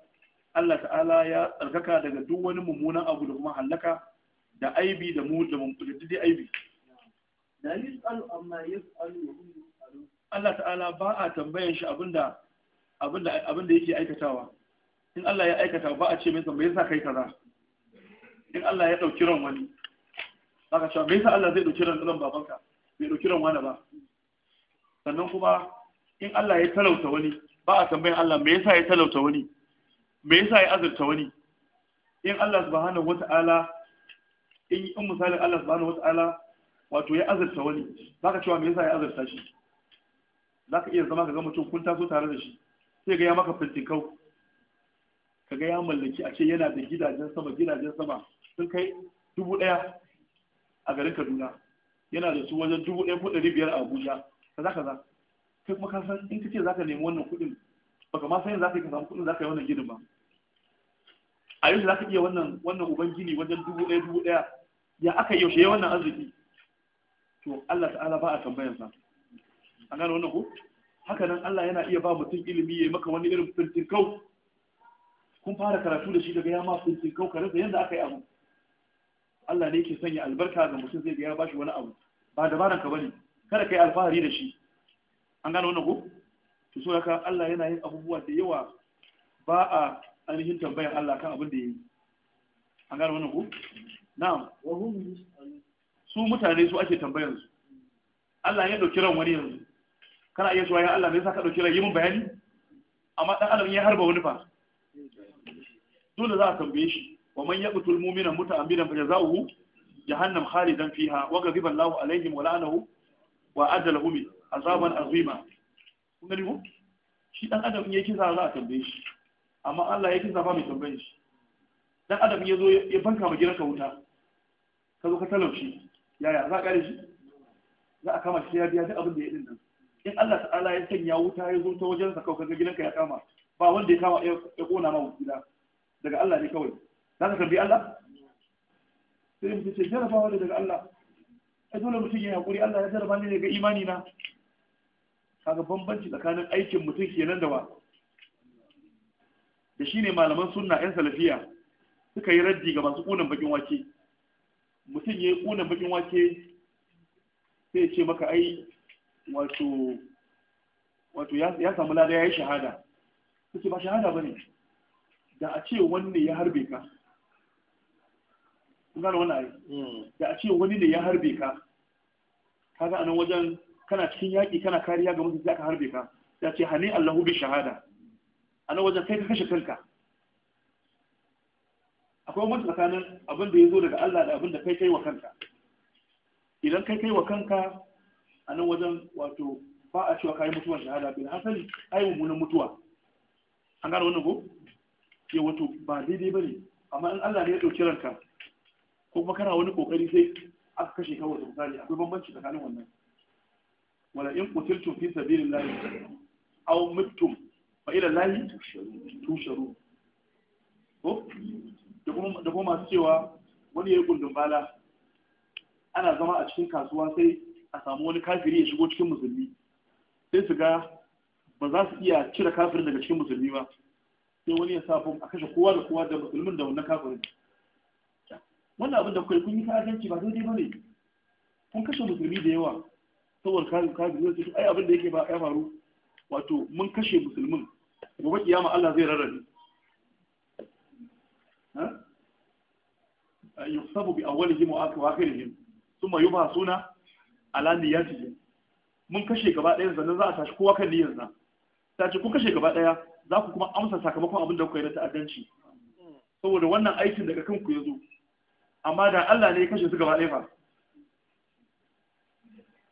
Allah ta'ala ya tsarkaka daga duk wani mummunan abu da kuma hallaka da aibi da mu da dai aibi Allah ta'ala ba a tambayan shi abinda abinda abinda yake aikatawa in Allah ya aikata ba a ce mai tambaye sa kai kaza in Allah ya dauki ran wani zaka cewa me yasa Allah zai ɗauki ran ran babanka bai ɗauki ran wani ba sannan kuma in Allah ya talauta wani ba a tambayin Allah me yasa ya talauta wani me yasa ya azurta wani in Allah subhanahu wata'ala in in misalin Allah subhanahu wata'ala wato ya azurta wani zaka cewa me yasa ya azurta shi zaka iya zama ka ga mutum kun taso tare da shi sai ga ya maka fintinkau ga ya mallaki a ce yana da gidajen sama gidajen sama sun kai dubu ɗaya a garin kaduna yana da su wajen dubu ɗaya ko ɗari biyar a abuja kaza kaza kai kuma ka san in ka ce za ka nemi wannan kuɗin baka ma san za ka yi ka samu kuɗin za ka yi wannan ginin ba a yau za ka iya wannan wannan uban gini wajen dubu ɗaya dubu ɗaya ya aka yaushe ya wannan arziki to Allah ta'ala ba a tambayar sa. an gane wannan ko haka nan Allah yana iya ba mutum ilimi ya yi maka wani irin fintinkau kun fara karatu da shi daga ya ma fintinkau ka rasa yadda aka yi abu Allah ne yake sanya albarka ga mutum zai ga ya bashi wani abu ba dabaran ka bane kada kai alfahari da shi an gano wannan ko to so haka Allah yana yin abubuwa da yawa ba a ainihin tambayar Allah kan abin da yi. an gano wannan ko na'am wa hum su mutane su ake tambayar su Allah ya dauki ran wani yanzu kana iya cewa ya Allah me yasa ka dauki ran yi mun bayani amma dan adam ya harba wani fa dole za a tambaye shi wa man yaqtul mu'mina muta'ammidan fajazaohu jahannam khalidan fiha wa ghadiba Allahu alaihim wa la'anahu wa ajalahu azaban azima kun gani ko shi dan adam in yake za a tambaye shi amma Allah yake zafa mai tambaye shi dan adam ya zo ya banka ma gidanka wuta ka zo ka talauci yaya za a kare shi za a kama shi ya biya duk abin da ya din nan in Allah ta'ala ya sanya wuta ya zo ta wajen sa kawai ga gidanka ya kama ba wanda ya kama ya kona ma wuta daga Allah ne kawai za ka tambayi Allah sai mutum ce jarabawa da daga Allah ai dole mutum ya hakuri Allah ya jaraba ne daga imani na kaga bambanci tsakanin aikin mutum kenan da wa da shine malaman sunna yan salafiya suka yi raddi ga masu kunan bakin wake mutum ya yi kunan bakin wake sai ya ce maka ai wato wato ya samu lada ya yi shahada suke ba shahada ba ne da a ce wanne ya harbe ka kun gane wannan ayi hmm. da a ce wani ne ya harbe ka kaga anan wajen kana cikin yaƙi kana kariya ga mutum ka harbe ka da ce hani Allahu bi shahada anan wajen kai ka kashe kanka akwai wani tsakanin abin da ya zo daga Allah da abin da kai kai wa kanka idan kai kai wa kanka anan wajen wato ba a cewa kai mutuwar shahada bin hasali ai mummunan mutuwa an gane wannan ko ya wato ba daidai bane amma in Allah ne ya dauki ranka ko kuma kana wani kokari sai aka kashe ka wasu misali akwai bambanci tsakanin wannan wala in qutiltum fi sabilillahi aw mittum fa ila lahi tusharu ko da kuma da kuma masu cewa wani yayi gundun bala ana zama a cikin kasuwa sai a samu wani kafiri ya shigo cikin musulmi sai su ga ba za su iya cire kafirin daga cikin musulmi ba sai wani ya sa bom a kashe kowa da kowa da musulmin da wannan kafirin wannan abin da kuka yi kun yi ta'addanci ba daidai ba ne kun kashe musulmi da yawa saboda kazi kazi zai ce ai abin da yake ba ya faru wato mun kashe musulmin gobe kiyama Allah zai rarrabe ha yusabu bi awwalihim wa akhirihim thumma yubhasuna ala niyyatihim mun kashe gaba ɗaya sannan za a tashi kowa kan niyyar sa ta ce kun kashe gaba ɗaya za ku kuma amsa sakamakon abin da kuka yi na ta'addanci saboda wannan aikin daga kanku ya zo amma da Allah ne ya kashe su gaba ɗaya ba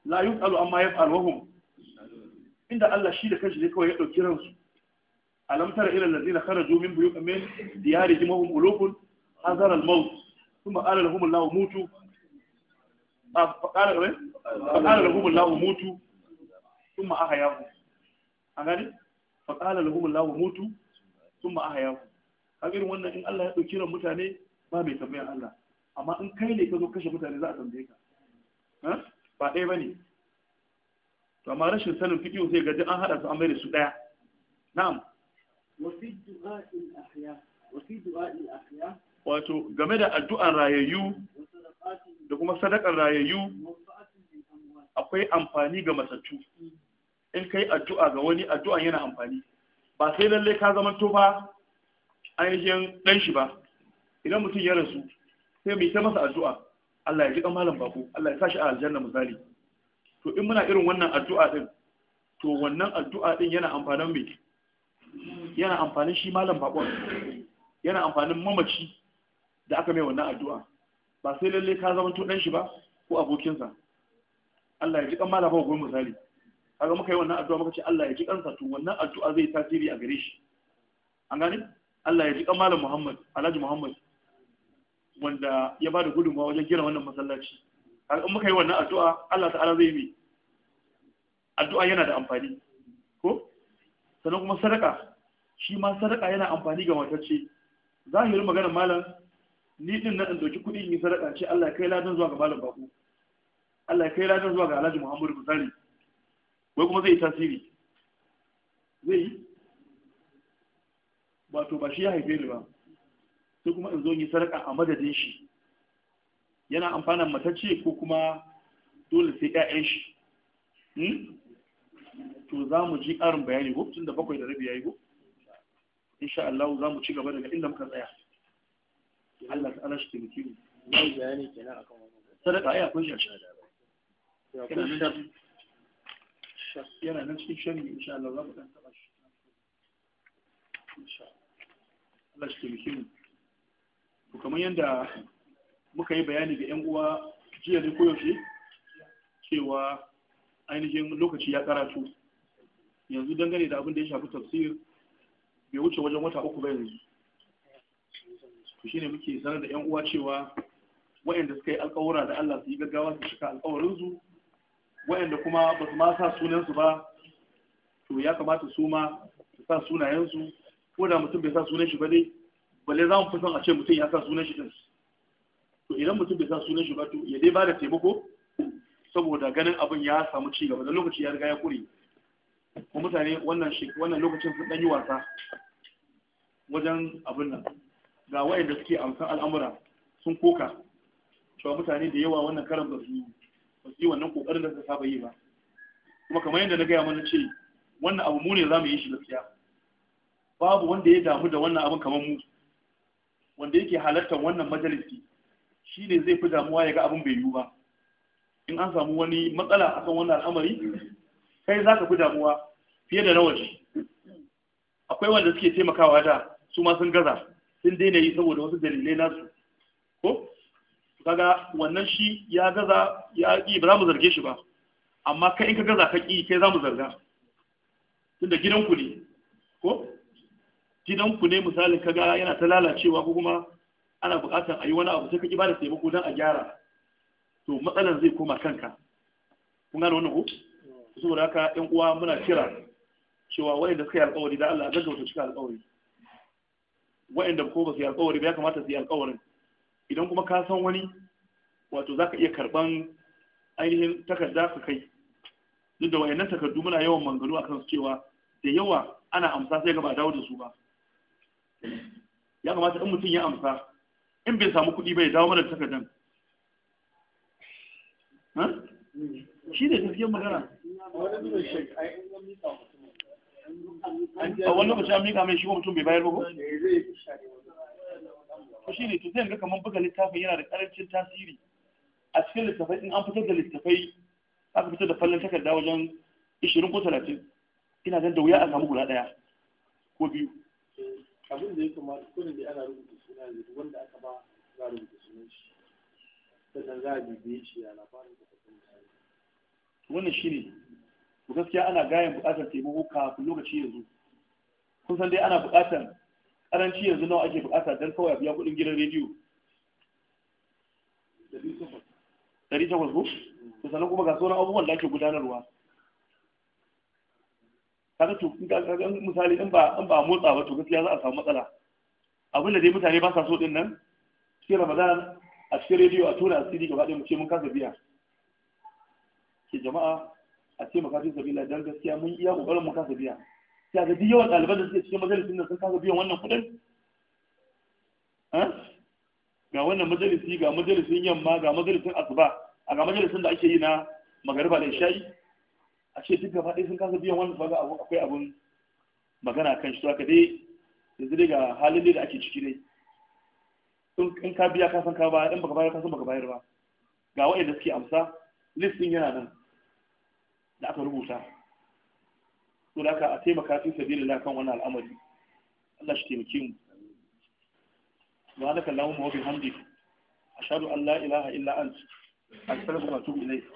la yus'alu amma ya wa hum inda Allah shi da kanshi ne kawai ya ɗauki ransu alam tara ila allazina kharaju min buyutin min diyarihim wa hum ulufun hazar al-maut A qala lahum Allahu mutu فقال لهم الله موتوا ثم أحياهم أغاني فقال Mutu الله موتوا ثم أحياهم kagirin wannan in Allah ya ɗauki ran mutane ba mai tambaya Allah amma in kai ne ka zo kashe mutane za a tambaye ka ba ɗaya ba ne to amma rashin sanin fiƙiyu sai gaji an haɗa su an da su ɗaya na'am wato game da addu'an rayayyu da kuma sadakar rayayyu akwai amfani ga masattu in kai addu'a ga wani addu'an yana amfani ba sai lallai ka zama tofa ainihin ɗan shi ba idan mutum ya rasu sai mai ta masa addu'a Allah ya ji malam bako Allah ya sashi a aljanna misali to in muna irin wannan addu'a din to wannan addu'a din yana amfanin mai yana amfanin shi malam bakon yana amfanin mamaci da aka mai wannan addu'a ba sai lalle ka zama to dan shi ba ko abokinsa Allah ya ji kan malam bako misali kaga muka yi wannan addu'a muka ce Allah ya ji kansa to wannan addu'a zai tasiri a gare shi an gani Allah ya ji kan malam Muhammad Alhaji Muhammad wanda ya ba da gudunmawa wajen gina wannan masallaci in muka yi wannan addu'a Allah ta'ala zai yi addu'a yana da amfani ko sannan kuma sadaka shi ma sadaka yana amfani ga matacce zahirin maganar malam ni din na ɗauki kuɗi in sadaka ce Allah kai ladan zuwa ga malam bako Allah kai ladan zuwa ga Alhaji Muhammadu Musali wai kuma zai yi tasiri zai yi wato ba shi ya haife ni ba sai kuma in zo yi sarƙa a madadin shi yana amfanan matacce ko kuma dole sai 'ya'yan shi hmm? to za mu ji ƙarin bayani ko tun da bakwai da rabi ya yi ko insha Allah za mu ci gaba daga inda muka tsaya Allah ta ala shi taimake mu zai bayani kenan akan wannan sadaka ai akwai shi yana nan cikin shari insha Allah za mu dan taba shi Allah shi ke mu to kamar yadda muka yi bayani ga 'yan uwa jiya ne koyaushe cewa ainihin lokaci ya karatu yanzu dangane da abin da ya shafi tafsir bai wuce wajen wata uku ba yanzu to shine muke sanar da 'yan uwa cewa wa'anda suka yi alkawura da Allah su yi gaggawa su shiga alƙawarin su, wayanda kuma ba su ma sa sunansu ba to ya kamata su ma su sa sunayensu ko da mutum bai sa sunan shi ba dai balle za mu fi son a ce mutum ya sa sunan shi dinsu to idan mutum bai sa sunan shi ba to ya dai ba da taimako saboda ganin abin ya samu ci gaba da lokaci ya riga ya kure kuma mutane wannan wannan lokacin sun dan yi wasa wajen abin nan ga wa'anda suke amsan al'amura sun koka cewa mutane da yawa wannan karan ba su yi wannan kokarin da suka saba yi ba kuma kamar yadda na gaya mana ce wannan abu mu ne za mu yi shi gaskiya babu wanda ya damu da wannan abin kamar mu wanda yake halartar wannan majalisi shi ne zai fi damuwa ya ga abin bai yiwu ba in an samu wani matsala a kan wannan al'amari kai za ka fi damuwa fiye da na waje akwai wanda suke taimakawa da su ma sun gaza sun daina yi saboda wasu dalilai nasu ko kaga wannan shi ya gaza ya ƙi ba za mu zarge shi ba amma kai in ka gaza ka ƙi kai za mu zarga tunda gidanku ne ko gidanku ne misalin kaga yana ta lalacewa ko kuma ana buƙatar a yi wani abu sai ka ki ba da taimako don a gyara to matsalan zai koma kanka kun gane wannan ko saboda haka ƴan uwa muna kira cewa waɗanda suka yi alƙawari da Allah gaggauta cika alƙawari waɗanda ko ba su yi alƙawari ba ya kamata su yi alƙawarin idan kuma ka san wani wato za ka iya karɓan ainihin takarda ka kai duk da wayannan takardu muna yawan manganu akan su cewa da yawa ana amsa sai ga ba dawo da su ba ya kamata in mutum ya amsa in bai samu kuɗi bai dawo mana takardan shi ne gaskiyar magana a wani lokaci an mika mai shi mutum bai bayar ba ko shi ne to ga kamar buga littafin yana da ƙarancin tasiri a cikin littafai in an fitar da littafai aka fitar da fallon takarda wajen 20 ko 30 ina zan da wuya a samu guda ɗaya ko biyu abin da ya kuma kullum da ana rubuta suna ne wanda aka ba za a rubuta sunan shi san za a bibiye shi ya labarin da kafin misali wannan shi ne ku gaskiya ana gayan buƙatar taimako kafin lokaci yanzu kun san dai ana buƙatar ƙaranci yanzu nawa ake buƙata don kawai a biya kuɗin gidan rediyo ɗari takwas ko? to sannan kuma ga sauran abubuwan da ake gudanarwa kaga to in ga misali in ba in ba motsa ba to gaskiya za a samu matsala abin da dai mutane ba sa so din nan cikin Ramadan a cikin rediyo a tura asiri gaba ɗaya mu ce mun kasa biya ke jama'a a ce makafi sabila dan gaskiya mun iya kokarin mun kasa biya sai ga duk yawan ɗaliban da suke cikin majalisin nan sun kasa biyan wannan kuɗin eh? ga wannan majalisi ga majalisin yamma ga majalisin asuba a ga majalisin da ake yi na magariba da isha'i a ce duk gaba ɗaya sun kasa biyan wani faga akwai abun magana kan shi to aka dai yanzu dai ga halin da ake ciki dai in ka biya ka san ka bayar in baka bayar ka san baka bayar ba ga waɗanda suke amsa list din yana nan da aka rubuta to da aka a taimaka fi da kan wannan al'amari Allah shi taimake mu subhanaka allahumma wa bihamdika ashhadu an la ilaha illa anta astaghfiruka wa atubu ilayk